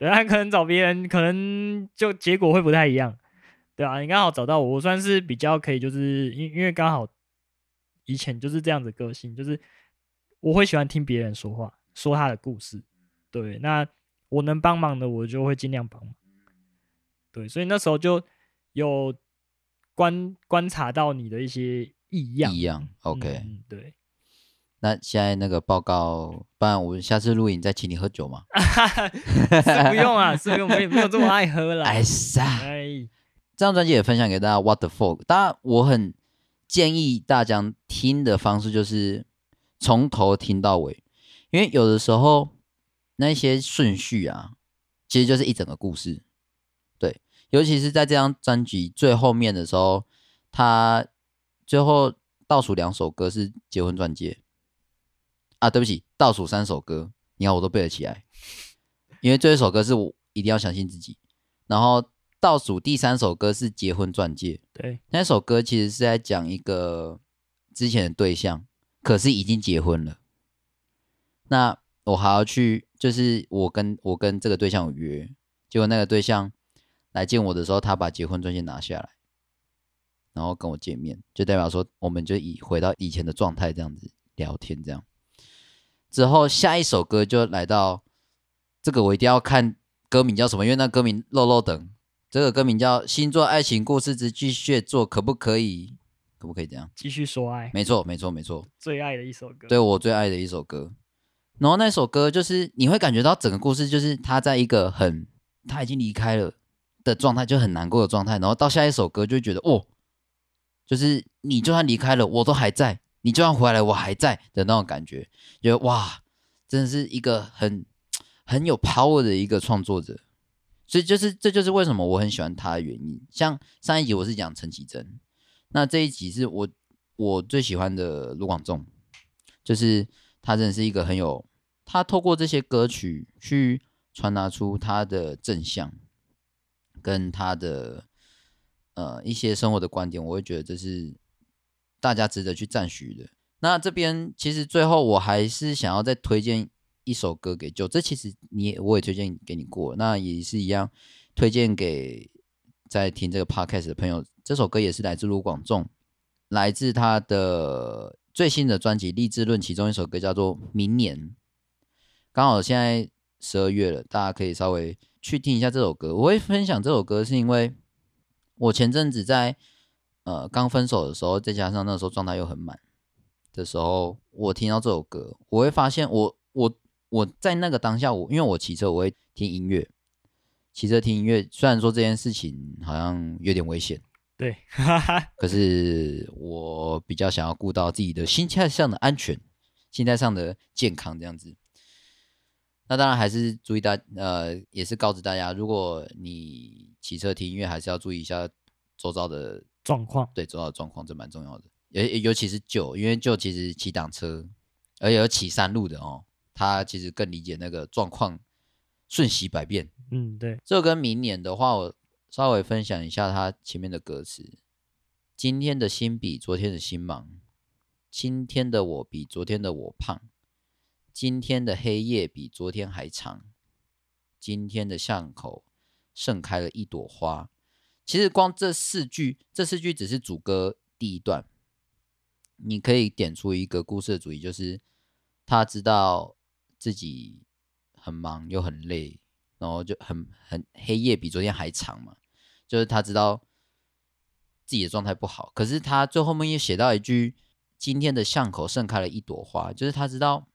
原來可能找別人，可能就結果會不太一樣，對啊，你剛好找到我，我算是比較可以，就是因因為剛好以前就是這樣子個性，就是我會喜歡聽別人說話，說他的故事，對。那我能幫忙的，我就會盡量幫忙，對。所以那時候就有觀觀察到你的一些異樣，異樣，OK，嗯，對。那現在那個報告，不然我們下次錄影再請你喝酒嘛？哈哈哈不用啊，所以 我也沒有這麼愛喝啦。哎呀喲，哎這張專輯也分享給大家《What a Folk》。當然，我很建議大家聽的方式就是從頭聽到尾，因為有的時候那些順序啊，其實就是一整個故事。對，尤其是在這張專輯最後面的時候，它最後倒數兩首歌是結婚鑽戒。啊，對不起，倒數三首歌，你看我都背得起來，因為這一首歌是我一定要相信自己。然後倒數第三首歌是結婚鑽戒，對，那首歌其實是在講一個之前的對象，可是已經結婚了。那我還要去，就是我跟我跟這個對象有約，結果那個對象來見我的時候，他把結婚鑽戒拿下來，然後跟我見面，就代表說我們就以回到以前的狀態，這樣子聊天，這樣。之後下一首歌就來到這個，我一定要看歌名叫什麼，因為那歌名《漏漏等》。這個歌名叫《星座愛情故事之巨蟹座》，可不可以？可不可以這樣？繼續說愛。沒錯，沒錯，沒錯。最愛的一首歌，對我最愛的一首歌。然後那首歌就是你會感覺到整個故事，就是他在一個很他已經離開了的狀態，就很難過的狀態。然後到下一首歌就覺得哦，就是你就算離開了，我都還在。你就算回來，我還在的那種感覺，覺得哇，真的是一個很很有 power 的一個創作者，所以就是這就是為什麼我很喜歡他的原因。像上一集我是講陳綺貞，那這一集是我我最喜歡的盧廣仲，就是他真的是一個很有，他透過這些歌曲去傳達出他的正向跟他的呃一些生活的觀點，我會覺得這是。大家值得去讚許的。那這邊其實最後我還是想要再推薦一首歌給 Joe，這其實你也我也推薦給你過，那也是一樣推薦給在聽這個 podcast 的朋友。這首歌也是來自盧廣仲，來自他的最新的專輯《勵志論》，其中一首歌叫做《明年》。剛好現在十二月了，大家可以稍微去聽一下這首歌。我會分享這首歌，是因為我前陣子在。呃，剛分手的時候，再加上那時候狀態又很滿的時候，我聽到這首歌，我會發現我我我在那個當下我，我因為我騎車，我會聽音樂，騎車聽音樂。雖然說這件事情好像有點危險，對， 可是我比較想要顧到自己的心態上的安全，心態上的健康這樣子。那當然還是注意大，呃，也是告知大家，如果你騎車聽音樂，還是要注意一下周遭的。狀況。對，主要狀況這蠻重要的，尤尤其是 Joe，因為 Joe 其實騎檔車，而且有騎山路的哦，他其實更理解那個狀況瞬息百變。嗯，對。這跟明年的話，我稍微分享一下他前面的歌詞：今天的心比昨天的心忙，今天的我比昨天的我胖，今天的黑夜比昨天還長，今天的巷口盛開了一朵花。其實光這四句，這四句只是主歌第一段，你可以點出一個故事的主題，就是他知道自己很忙又很累，然後就很很黑夜比昨天還長嘛，就是他知道自己的狀態不好，可是他最後面又寫到一句：“今天的巷口盛開了一朵花”，就是他知道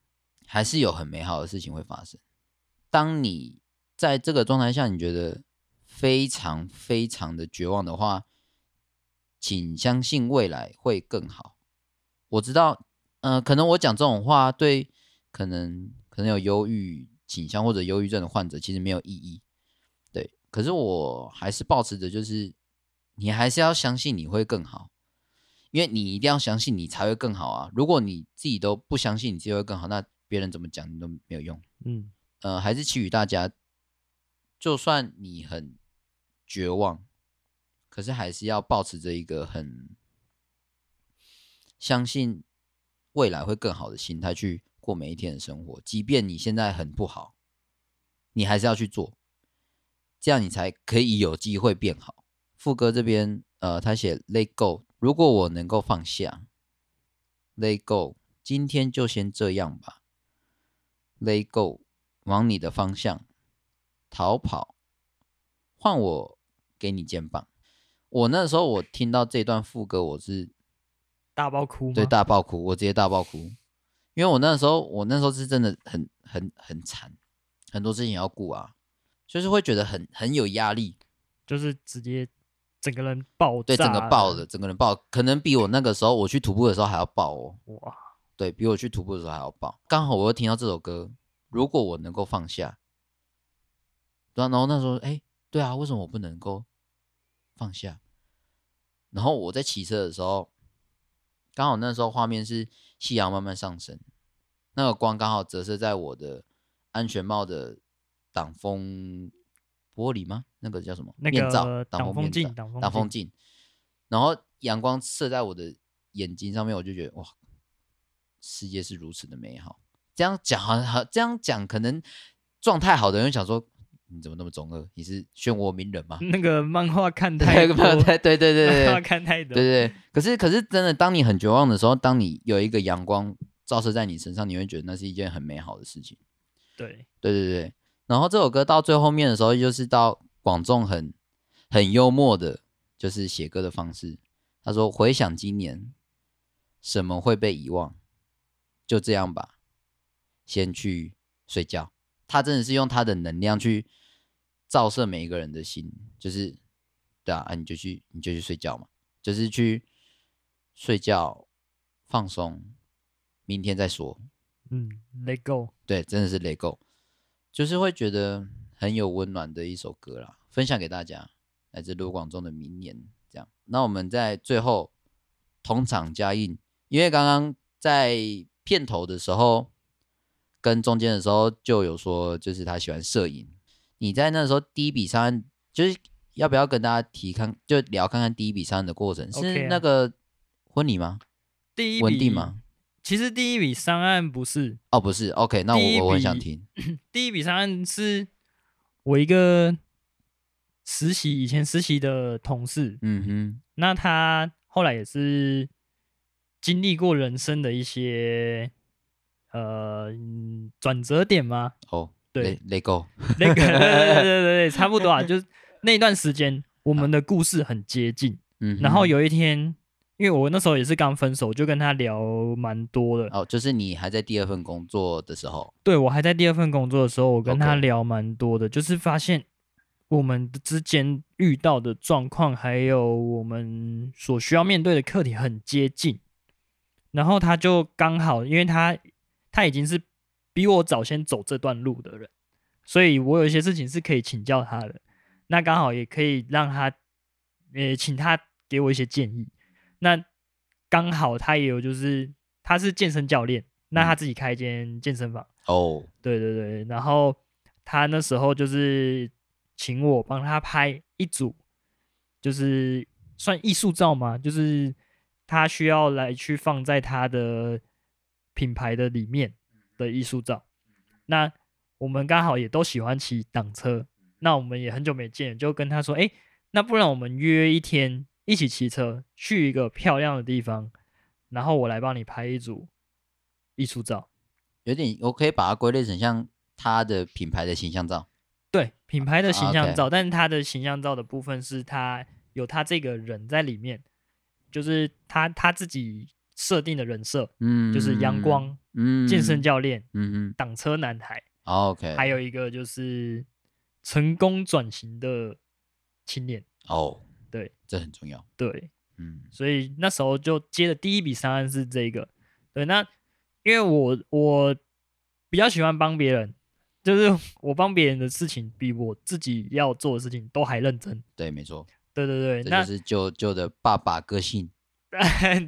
還是有很美好的事情會發生。當你在這個狀態下，你覺得？非常非常的絕望的話，請相信未來會更好。我知道，嗯、呃，可能我講這種話，對，可能可能有憂鬱傾向或者憂鬱症的患者其實沒有意義，對。可是我還是抱持著，就是你還是要相信你會更好，因為你一定要相信你才會更好啊。如果你自己都不相信你自己會更好，那別人怎麼講你都沒有用。嗯，呃，還是給予大家，就算你很絕望，可是還是要保持着一個很相信未來會更好的心態，去過每一天的生活。即便你現在很不好，你還是要去做，這樣你才可以有機會變好。副歌這邊，呃，他寫 “Let go”，如果我能夠放下，“Let go”，今天就先這樣吧，“Let go”，往你的方向逃跑，換我。給你肩膀。我那時候我聽到這段副歌，我是大爆哭，對，大爆哭，我直接大爆哭。因為我那時候我那時候是真的很很很慘，很多事情要顧啊，就是會覺得很很有壓力，就是直接整個人爆，對，整個爆了，整個人爆，可能比我那個時候我去徒步的時候還要爆哦，哇，對，比我去徒步的時候還要爆。剛好我又聽到這首歌，如果我能夠放下，然、對啊、然後那時候哎。欸對啊，為什麼我不能夠放下？然後我在騎車的時候，剛好那時候畫面是夕陽慢慢上升，那個光剛好折射在我的安全帽的擋風玻璃嗎？那個叫什麼？那個，面罩，擋風面罩，擋風鏡，擋風鏡。然後陽光射在我的眼睛上面，我就覺得哇，世界是如此的美好。這樣講，好，這樣講，可能狀態好的人想說。你怎麼那麼中二？你是漩渦鳴人嗎？那個漫畫看太多，對對對對，漫畫看太多 對對，對，對，對，對。可是可是，真的，當你很絕望的時候，當你有一個陽光照射在你身上，你會覺得那是一件很美好的事情。對對對對。然後這首歌到最後面的時候，就是到廣仲很很幽默的，就是寫歌的方式。他說：“回想今年，什麼會被遺忘？就這樣吧，先去睡覺。”他真的是用他的能量去照射每一個人的心，就是對啊，啊你就去你就去睡覺嘛，就是去睡覺放鬆，明天再說。嗯，l e g o 對，真的是 Lego 就是會覺得很有溫暖的一首歌啦，分享給大家，來自盧廣仲的《明年》這樣。那我們在最後同場加映，因為剛剛在片頭的時候。跟中間的時候就有說，就是他喜歡攝影。你在那時候第一筆商案，就是要不要跟大家提看，就聊看看第一筆商案的過程是、okay 啊，是那個婚禮嗎？第一筆文定嗎？其實第一筆商案不是哦，不是。OK，那我我很想聽。第一筆商案是我一個實習以前實習的同事，嗯哼，那他後來也是經歷過人生的一些。呃，嗯，轉折點嗎？哦，oh, 對，Let go, Let go，對對對對對，差不多啊， 就是那段時間，我們的故事很接近。嗯哼，然後有一天，因為我那時候也是剛分手，就跟他聊蠻多的。哦，oh, 就是你還在第二份工作的時候？對，我還在第二份工作的時候，我跟他聊蠻多的，Okay. 就是發現我們之間遇到的狀況，還有我們所需要面對的課題很接近。然後他就剛好，因為他。他已經是比我早先走這段路的人，所以我有一些事情是可以請教他的。那剛好也可以讓他，呃，請他給我一些建議。那剛好他也有，就是他是健身教練，那他自己開一間健身房。哦、嗯，對對對。然後他那時候就是請我幫他拍一組，就是算藝術照嘛，就是他需要來去放在他的。品牌的裡面的藝術照，那我們剛好也都喜歡騎擋車，那我們也很久沒見，就跟他說，誒、欸，那不然我們約一天一起騎車去一個漂亮的地方，然後我來幫你拍一組藝術照，有點 OK，我可以把它歸類成像他的品牌的形象照，對，品牌的形象照。啊、但是他的形象照的部分是他有他這個人在裡面，就是他他自己。設定的人設，嗯，就是陽光，嗯，健身教練，嗯嗯，擋車男孩，哦，OK，還有一個就是成功轉型的青年，哦，對，這很重要，對，嗯，所以那時候就接的第一筆商案是這一個，對，那因為我我比較喜歡幫別人，就是我幫別人的事情比我自己要做的事情都還認真，對，沒錯，對對對，那是舅舅的爸爸個性。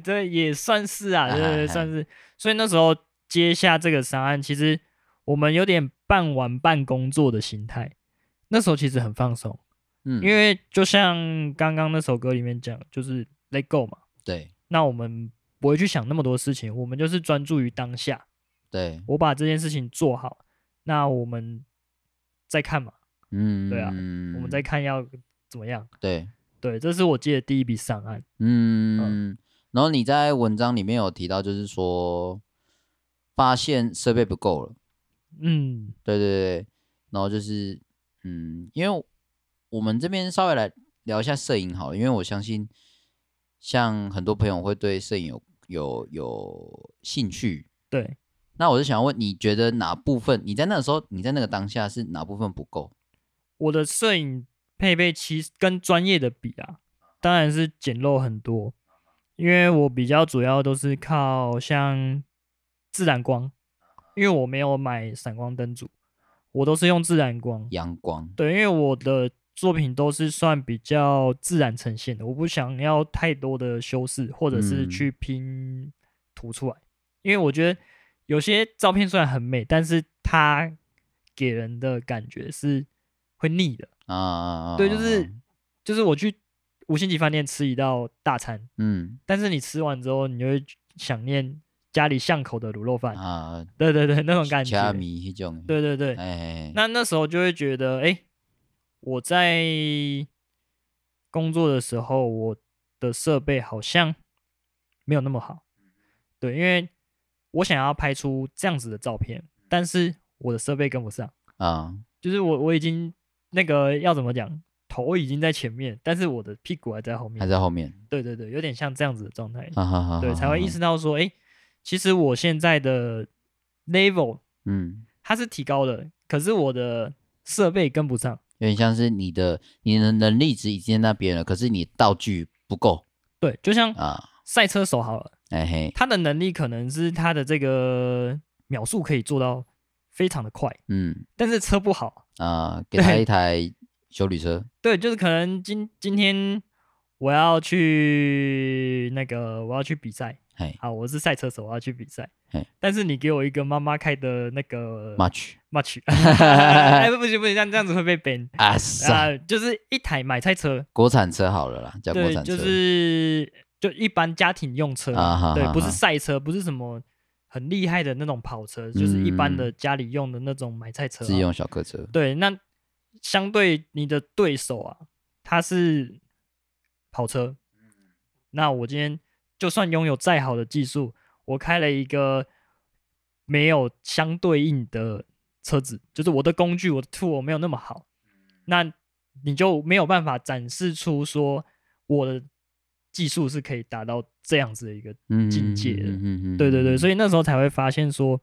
這 也算是啊，啊對，對，對算是。啊啊、所以那時候接下這個商案，其實我們有點半玩半工作的心態。那時候其實很放鬆，嗯，因為就像剛剛那首歌裡面講，就是 Let Go 嘛。對。那我們不會去想那麼多事情，我們就是專注於當下。對。我把這件事情做好，那我們再看嘛。嗯，對啊，我們再看要怎麼樣。對。對，這是我接的第一筆上案。嗯，嗯，然後你在文章裡面有提到，就是說發現設備不夠了。嗯，對對對。然後就是，嗯，因為我們這邊稍微來聊一下攝影好了，因為我相信，像很多朋友會對攝影有有有興趣。對，那我就想要問，你覺得哪部分？你在那個時候，你在那個當下是哪部分不夠？我的攝影。配備其實跟專業的比啊，當然是簡陋很多。因為我比較主要都是靠像自然光，因為我沒有買閃光燈組，我都是用自然光。陽光。對，因為我的作品都是算比較自然呈現的，我不想要太多的修飾，或者是去拼圖出來。嗯。因為我覺得有些照片雖然很美，但是它給人的感覺是會膩的。啊，uh, 對，就是就是我去五星級飯店吃一道大餐，嗯，但是你吃完之後，你就會想念家裡巷口的滷肉飯啊，uh, 對對對，那種感覺，米對對對，哎，那那時候就會覺得，哎，我在工作的時候，我的設備好像沒有那麼好，對，因為我想要拍出這樣子的照片，但是我的設備跟不上啊，uh, 就是我我已經。那個要怎麼講？頭已經在前面，但是我的屁股還在後面，還在後面。對對對，有點像這樣子的狀態。哈哈，對，才會意識到說，哎呵、欸，其實我現在的 level，嗯，它是提高了，可是我的設備跟不上。有點像是你的，你的能力值已經在那邊了，可是你道具不夠。對，就像啊，賽車手好了，哎嘿、啊，他的能力可能是他的這個秒速可以做到非常的快，嗯，但是車不好。啊、呃，給他一台休旅車。對，就是可能今今天我要去那個，我要去比賽。Hey. 好，我是賽車手，我要去比賽。Hey. 但是你給我一個媽媽開的那個，much much，哎，不行不行，像這樣子會被 ban。啊、 呃，就是一台買菜車，國產車好了啦，叫國產車。對，就是就一般家庭用車，uh huh huh huh. 對，不是賽車，不是什麼。很厲害的那種跑車，就是一般的家裡用的那種買菜車，嗯，自己用小客車。對，那相對你的對手啊，他是跑車，那我今天就算擁有再好的技術，我開了一個沒有相對應的車子，就是我的工具，我的 tool 沒有那麼好，那你就沒有辦法展示出說我的技術是可以達到這樣子的一個境界的，對對對，所以那時候才會發現說，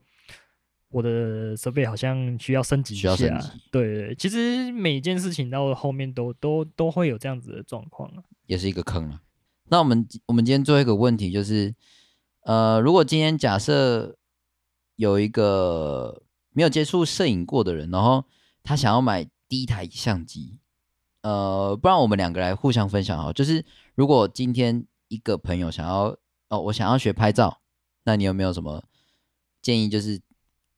我的設備好像需要升級，需要升級。對對，其實每件事情到後面都都都都會有這樣子的狀況啊，也是一個坑啊。那我們我們今天最後一個問題就是，呃，如果今天假設有一個沒有接觸攝影過的人，然後他想要買第一台相機。呃，不然我們兩個來互相分享好，就是如果今天一個朋友想要，哦，我想要學拍照，那你有沒有什麼建議？就是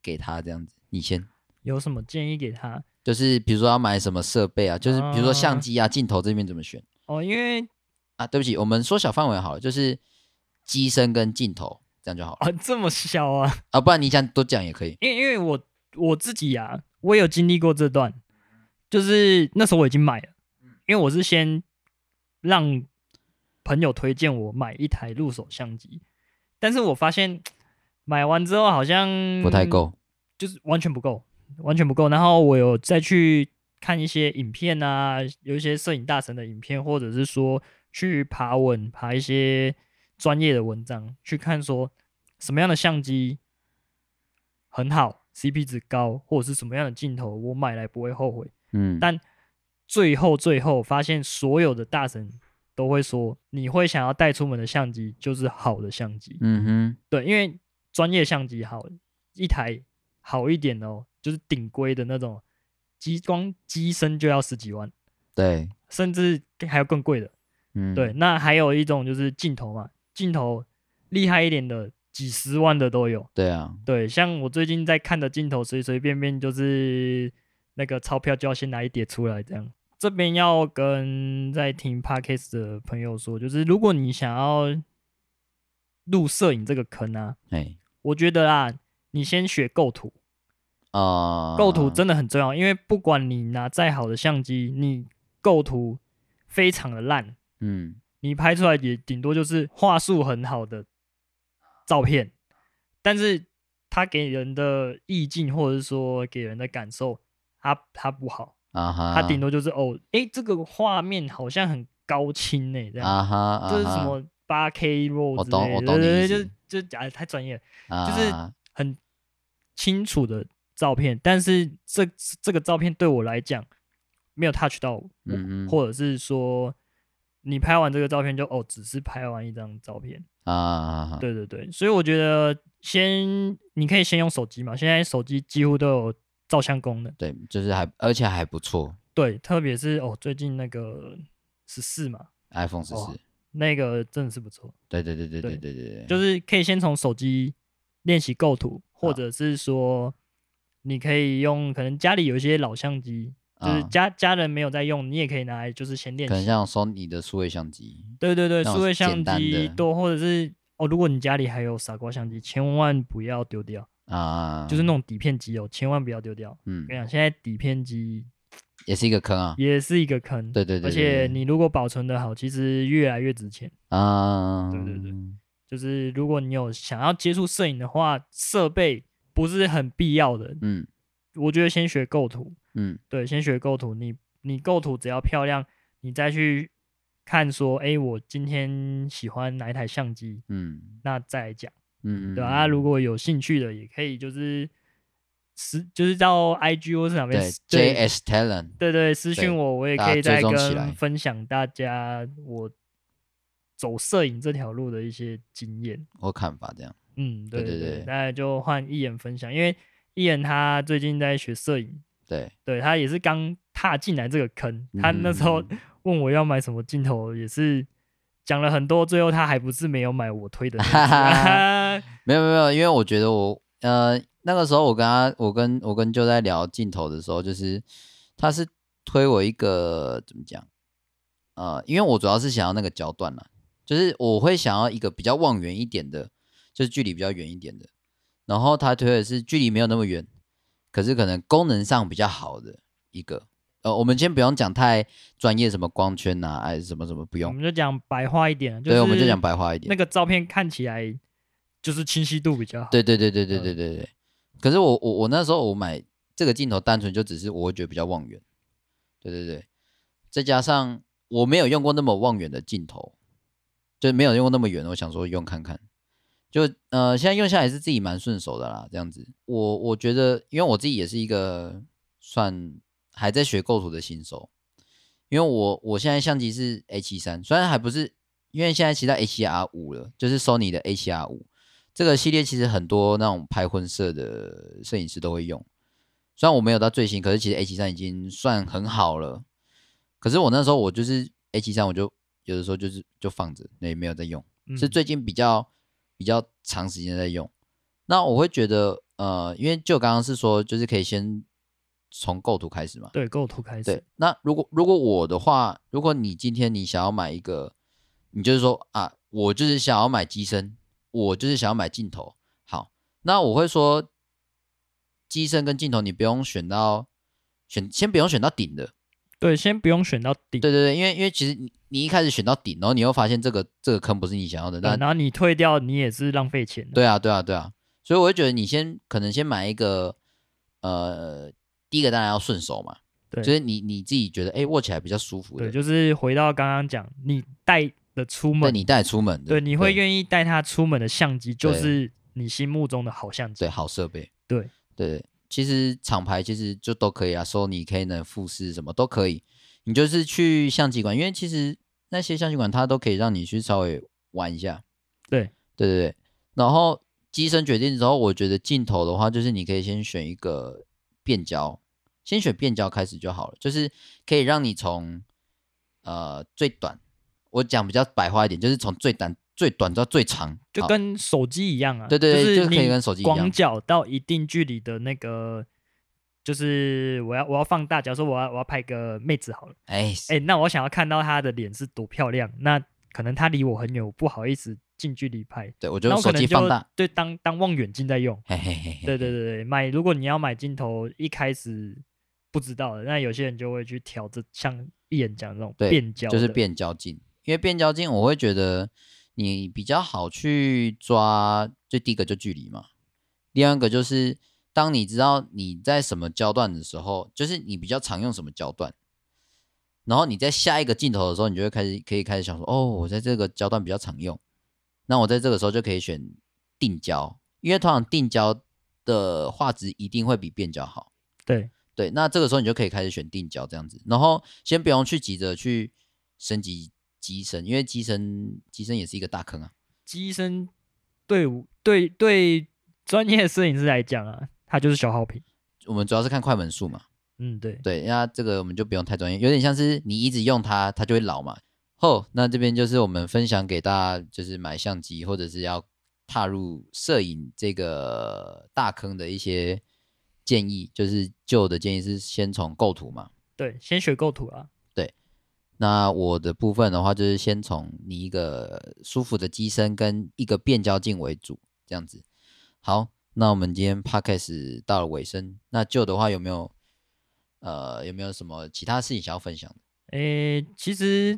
給他這樣子，你先有什麼建議給他？就是比如說要買什麼設備啊？就是比如說相機啊、鏡頭、啊、這邊怎麼選？哦，因為啊，對不起，我們縮小範圍好了，就是機身跟鏡頭這樣就好了。啊，這麼小啊。啊，不然你想多講也可以。因為因為我我自己呀、啊，我也有經歷過這段，就是那時候我已經買了。因為我是先讓朋友推薦我買一台入手相機，但是我發現買完之後好像不太夠，就是完全不夠，完全不夠。然後我有再去看一些影片啊，有一些攝影大神的影片，或者是說去爬文，爬一些專業的文章，去看說什麼樣的相機很好，CP 值高，或者是什麼樣的鏡頭我買來不會後悔。嗯，但。最後，最後發現，所有的大神都會說，你會想要帶出門的相機就是好的相機。嗯哼，對，因為專業相機好一台好一點哦，就是頂規的那種，機光機身就要十幾萬。對，甚至還有更貴的。嗯，對。那還有一種就是鏡頭嘛，鏡頭厲害一點的，幾十萬的都有。對啊，對，像我最近在看的鏡頭，隨隨便便就是那個鈔票就要先拿一疊出來這樣。這邊要跟在聽 podcast 的朋友說，就是如果你想要入攝影這個坑啊，Hey. 我覺得啊，你先學構圖啊，uh、構圖真的很重要，因為不管你拿再好的相機，你構圖非常的爛，嗯，你拍出來也頂多就是畫素很好的照片，但是它給人的意境或者是說給人的感受，它它不好。啊哈，uh huh. 他頂多就是哦，誒、欸，這個畫面好像很高清哎，這樣，就、uh huh, uh huh. 是什麼八 K roll 之類的，uh huh. know, 對對對，know 就是就講的、哎、太專業，uh huh. 就是很清楚的照片，但是這這個照片對我來講沒有 touch 到我，嗯嗯、uh huh. 或者是說你拍完這個照片就哦，只是拍完一張照片啊，uh huh. 對對對，所以我覺得先你可以先用手機嘛，現在手機幾乎都有。照相功能，對，就是還而且還不錯，對，特別是哦，最近那個十四嘛，iPhone 十四、哦，那個真的是不錯，對對對對對，對對對對，就是可以先從手機練習構圖，啊、或者是說，你可以用可能家裡有一些老相機，啊、就是家家人沒有在用，你也可以拿來就是先練習，可能像 Sony 的數位相機，對對對，數位相機多，或者是哦，如果你家裡還有傻瓜相機，千萬不要丟掉。啊，uh、就是那種底片機哦、喔，千萬不要丟掉。嗯，跟你講，現在底片機也是一個坑啊，也是一個坑。對，對對對，而且你如果保存得好，其實越來越值錢啊。Uh、對對對，就是如果你有想要接觸攝影的話，設備不是很必要的。嗯，我覺得先學構圖。嗯，對，先學構圖。你你構圖只要漂亮，你再去看說，哎、欸，我今天喜歡哪一台相機？嗯，那再來講。嗯,嗯，對啊，如果有興趣的，也可以就是私，就是到 IG 或是哪邊，對，JS Talent，對對,對，私信我，對我也可以再跟分享大家我走攝影這條路的一些經驗我看法，這樣。嗯，對對對，那就換 Ian 分享，因為 Ian 他最近在學攝影，對，對他也是剛踏進來這個坑，嗯嗯嗯他那時候問我要買什麼鏡頭，也是。講了很多，最後他還不是沒有買我推的。沒有沒有沒有，因為我覺得我呃那個時候我跟他我跟我跟就在聊鏡頭的時候，就是他是推我一個怎麼講？呃，因為我主要是想要那個焦段啦，就是我會想要一個比較望遠一點的，就是距離比較遠一點的。然後他推的是距離沒有那麼遠，可是可能功能上比較好的一個。呃，我們先不用講太專業，什麼光圈吶、啊，還是什麼什麼，不用，我們就講白話一點。就是、對，我們就講白話一點。那個照片看起來就是清晰度比較好。對對對對對對對對。嗯、可是我我我那時候我買這個鏡頭，單純就只是我會覺得比較望遠。對對對。再加上我沒有用過那麼望遠的鏡頭，就沒有用過那麼遠。我想說用看看。就呃，現在用下來是自己蠻順手的啦，這樣子。我我覺得，因為我自己也是一個算。還在學構圖的新手，因為我我現在相機是 A73，雖然還不是，因為現在其實到 A7R5 了，就是 Sony 的 A7R5 這個系列，其實很多那種拍婚攝的攝影師都會用。雖然我沒有到最新，可是其實 A73 已經算很好了。可是我那時候我就是 A73，我就有的時候就是就放着，那也沒有在用，嗯、是最近比較比較長時間在用。那我會覺得呃，因為就剛剛是說，就是可以先。從構圖開始嘛？對，構圖開始。對，那如果如果我的話，如果你今天你想要買一個，你就是說啊，我就是想要買機身，我就是想要買鏡頭。好，那我會說，機身跟鏡頭你不用選到選，先不用選到頂的。對，先不用選到頂。對對對，因為因為其實你你一開始選到頂，然後你又發現這個這個坑不是你想要的，那、嗯、然後你退掉，你也是浪費錢了。對啊對啊對啊，所以我會覺得你先可能先買一個呃。第一個當然要順手嘛，對，就是你你自己覺得哎、欸、握起來比較舒服的。對，就是回到剛剛講，你帶的出門，你帶出門，對，你,對對你會願意帶它出門的相機，就是你心目中的好相機，對，好設備，對對,對,對。其實廠牌其實就都可以啊，說、so、你可以能富士什麼都可以，你就是去相機館，因為其實那些相機館它都可以讓你去稍微玩一下，對對對對。然後機身決定之後，我覺得鏡頭的話，就是你可以先選一個。變焦，先選變焦開始就好了，就是可以讓你從呃最短，我講比較白話一點，就是從最短最短到最長，就跟手機一樣啊，對對對，就是可以跟手機廣角到一定距離的那個，就是我要我要放大，假如說我要我要拍個妹子好了，哎哎，那我想要看到她的臉是多漂亮，那可能她離我很遠，我不好意思近距離拍，對我就用手機放大，對當，當當望遠鏡在用。對嘿嘿嘿嘿對對對，買如果你要買鏡頭，一開始不知道的，那有些人就會去調這像 Ian 講那種變焦對，就是變焦鏡。因為變焦鏡，我會覺得你比較好去抓，最第一個就距離嘛，第二個就是當你知道你在什麼焦段的時候，就是你比較常用什麼焦段，然後你在下一個鏡頭的時候，你就會開始可以開始想說，哦，我在這個焦段比較常用。那我在這個時候就可以選定焦，因為通常定焦的畫質一定會比變焦好。對對，那這個時候你就可以開始選定焦這樣子，然後先不用去急着去升級機身，因為機身機身也是一個大坑啊。機身對對對，專業攝影師來講啊，它就是消耗品。我們主要是看快門數嘛。嗯，對對，那這個我們就不用太專業，有點像是你一直用它，它就會老嘛。後，oh, 那這邊就是我們分享給大家，就是買相機或者是要踏入攝影這個大坑的一些建議。就是 Joe 的建議是先從構圖嘛，對，先學構圖啊。對,那我的部分的話就是先從你一個舒服的機身跟一個變焦鏡為主，這樣子。好，那我們今天 podcast 到了尾聲，那 Joe 的話有沒有呃有沒有什麼其他事情想要分享的？誒、欸，其實。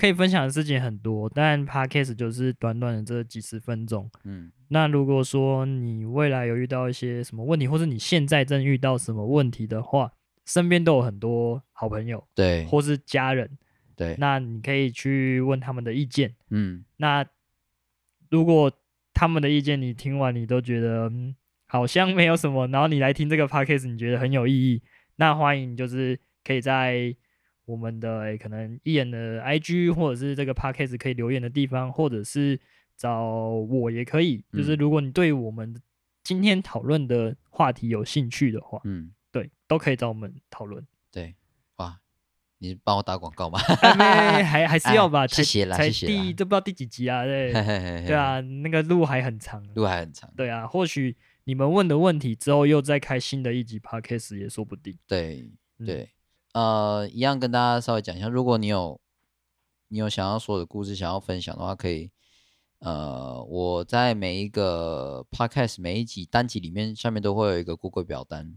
可以分享的事情很多，但 podcast 就是短短的這幾十分鐘。嗯，那如果說你未來有遇到一些什麼問題，或是你現在正遇到什麼問題的話，身邊都有很多好朋友，對，或是家人，對，那你可以去問他們的意見。嗯，那如果他們的意見你聽完你都覺得好像沒有什麼，然後你來聽這個 podcast 你覺得很有意義，那歡迎就是可以在。我們的、欸、可能 Ian 的 IG 或者是這個 Podcast 可以留言的地方，或者是找我也可以。就是如果你對我們今天討論的話題有興趣的話，嗯，對，都可以找我們討論。對，哇，你幫我打廣告嗎？還還是要把、啊、才謝謝啦，寫第謝、謝。這不知道第幾集啊？對 對啊，那個路還很長，路還很長。對啊，或許你們問的問題之後，又再開新的一集 Podcast 也說不定。對對。對嗯呃，一樣跟大家稍微講一下，如果你有你有想要說的故事，想要分享的話，可以，呃，我在每一個 podcast 每一集單集裡面下面都會有一個 Google 表單，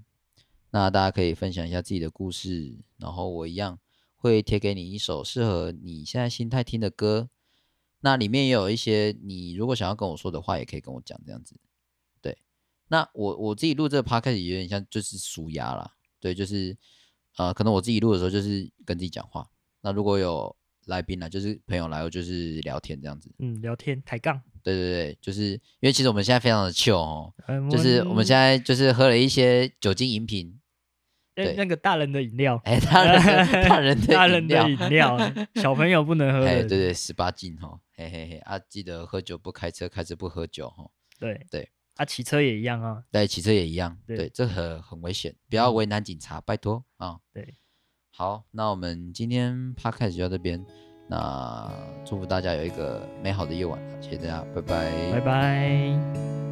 那大家可以分享一下自己的故事，然後我一樣會貼給你一首適合你現在心態聽的歌，那裡面也有一些你如果想要跟我說的話，也可以跟我講這樣子，對，那我我自己錄這個 podcast 有點像就是舒壓啦。對，就是。呃，可能我自己錄的時候就是跟自己講話。那如果有來賓呢，就是朋友來，我就是聊天這樣子。嗯，聊天抬槓。對對對，就是因為其實我們現在非常的 chill, 哦。嗯、就是我們現在就是喝了一些酒精飲品。嗯、對、欸，那個大人的飲料。哎、欸，大人，大人，大人的飲料，飲料 小朋友不能喝。哎，對對，十八禁哈、哦。嘿嘿嘿，啊，記得喝酒不開車，開車不喝酒哈。對、哦、對。對啊，騎車也一樣啊、哦，對，騎車也一樣，對,對，這很很危險，不要為難警察，嗯、拜托啊，對，好，那我們今天趴開始到這邊，那祝福大家有一個美好的夜晚，謝謝大家，拜拜，拜拜。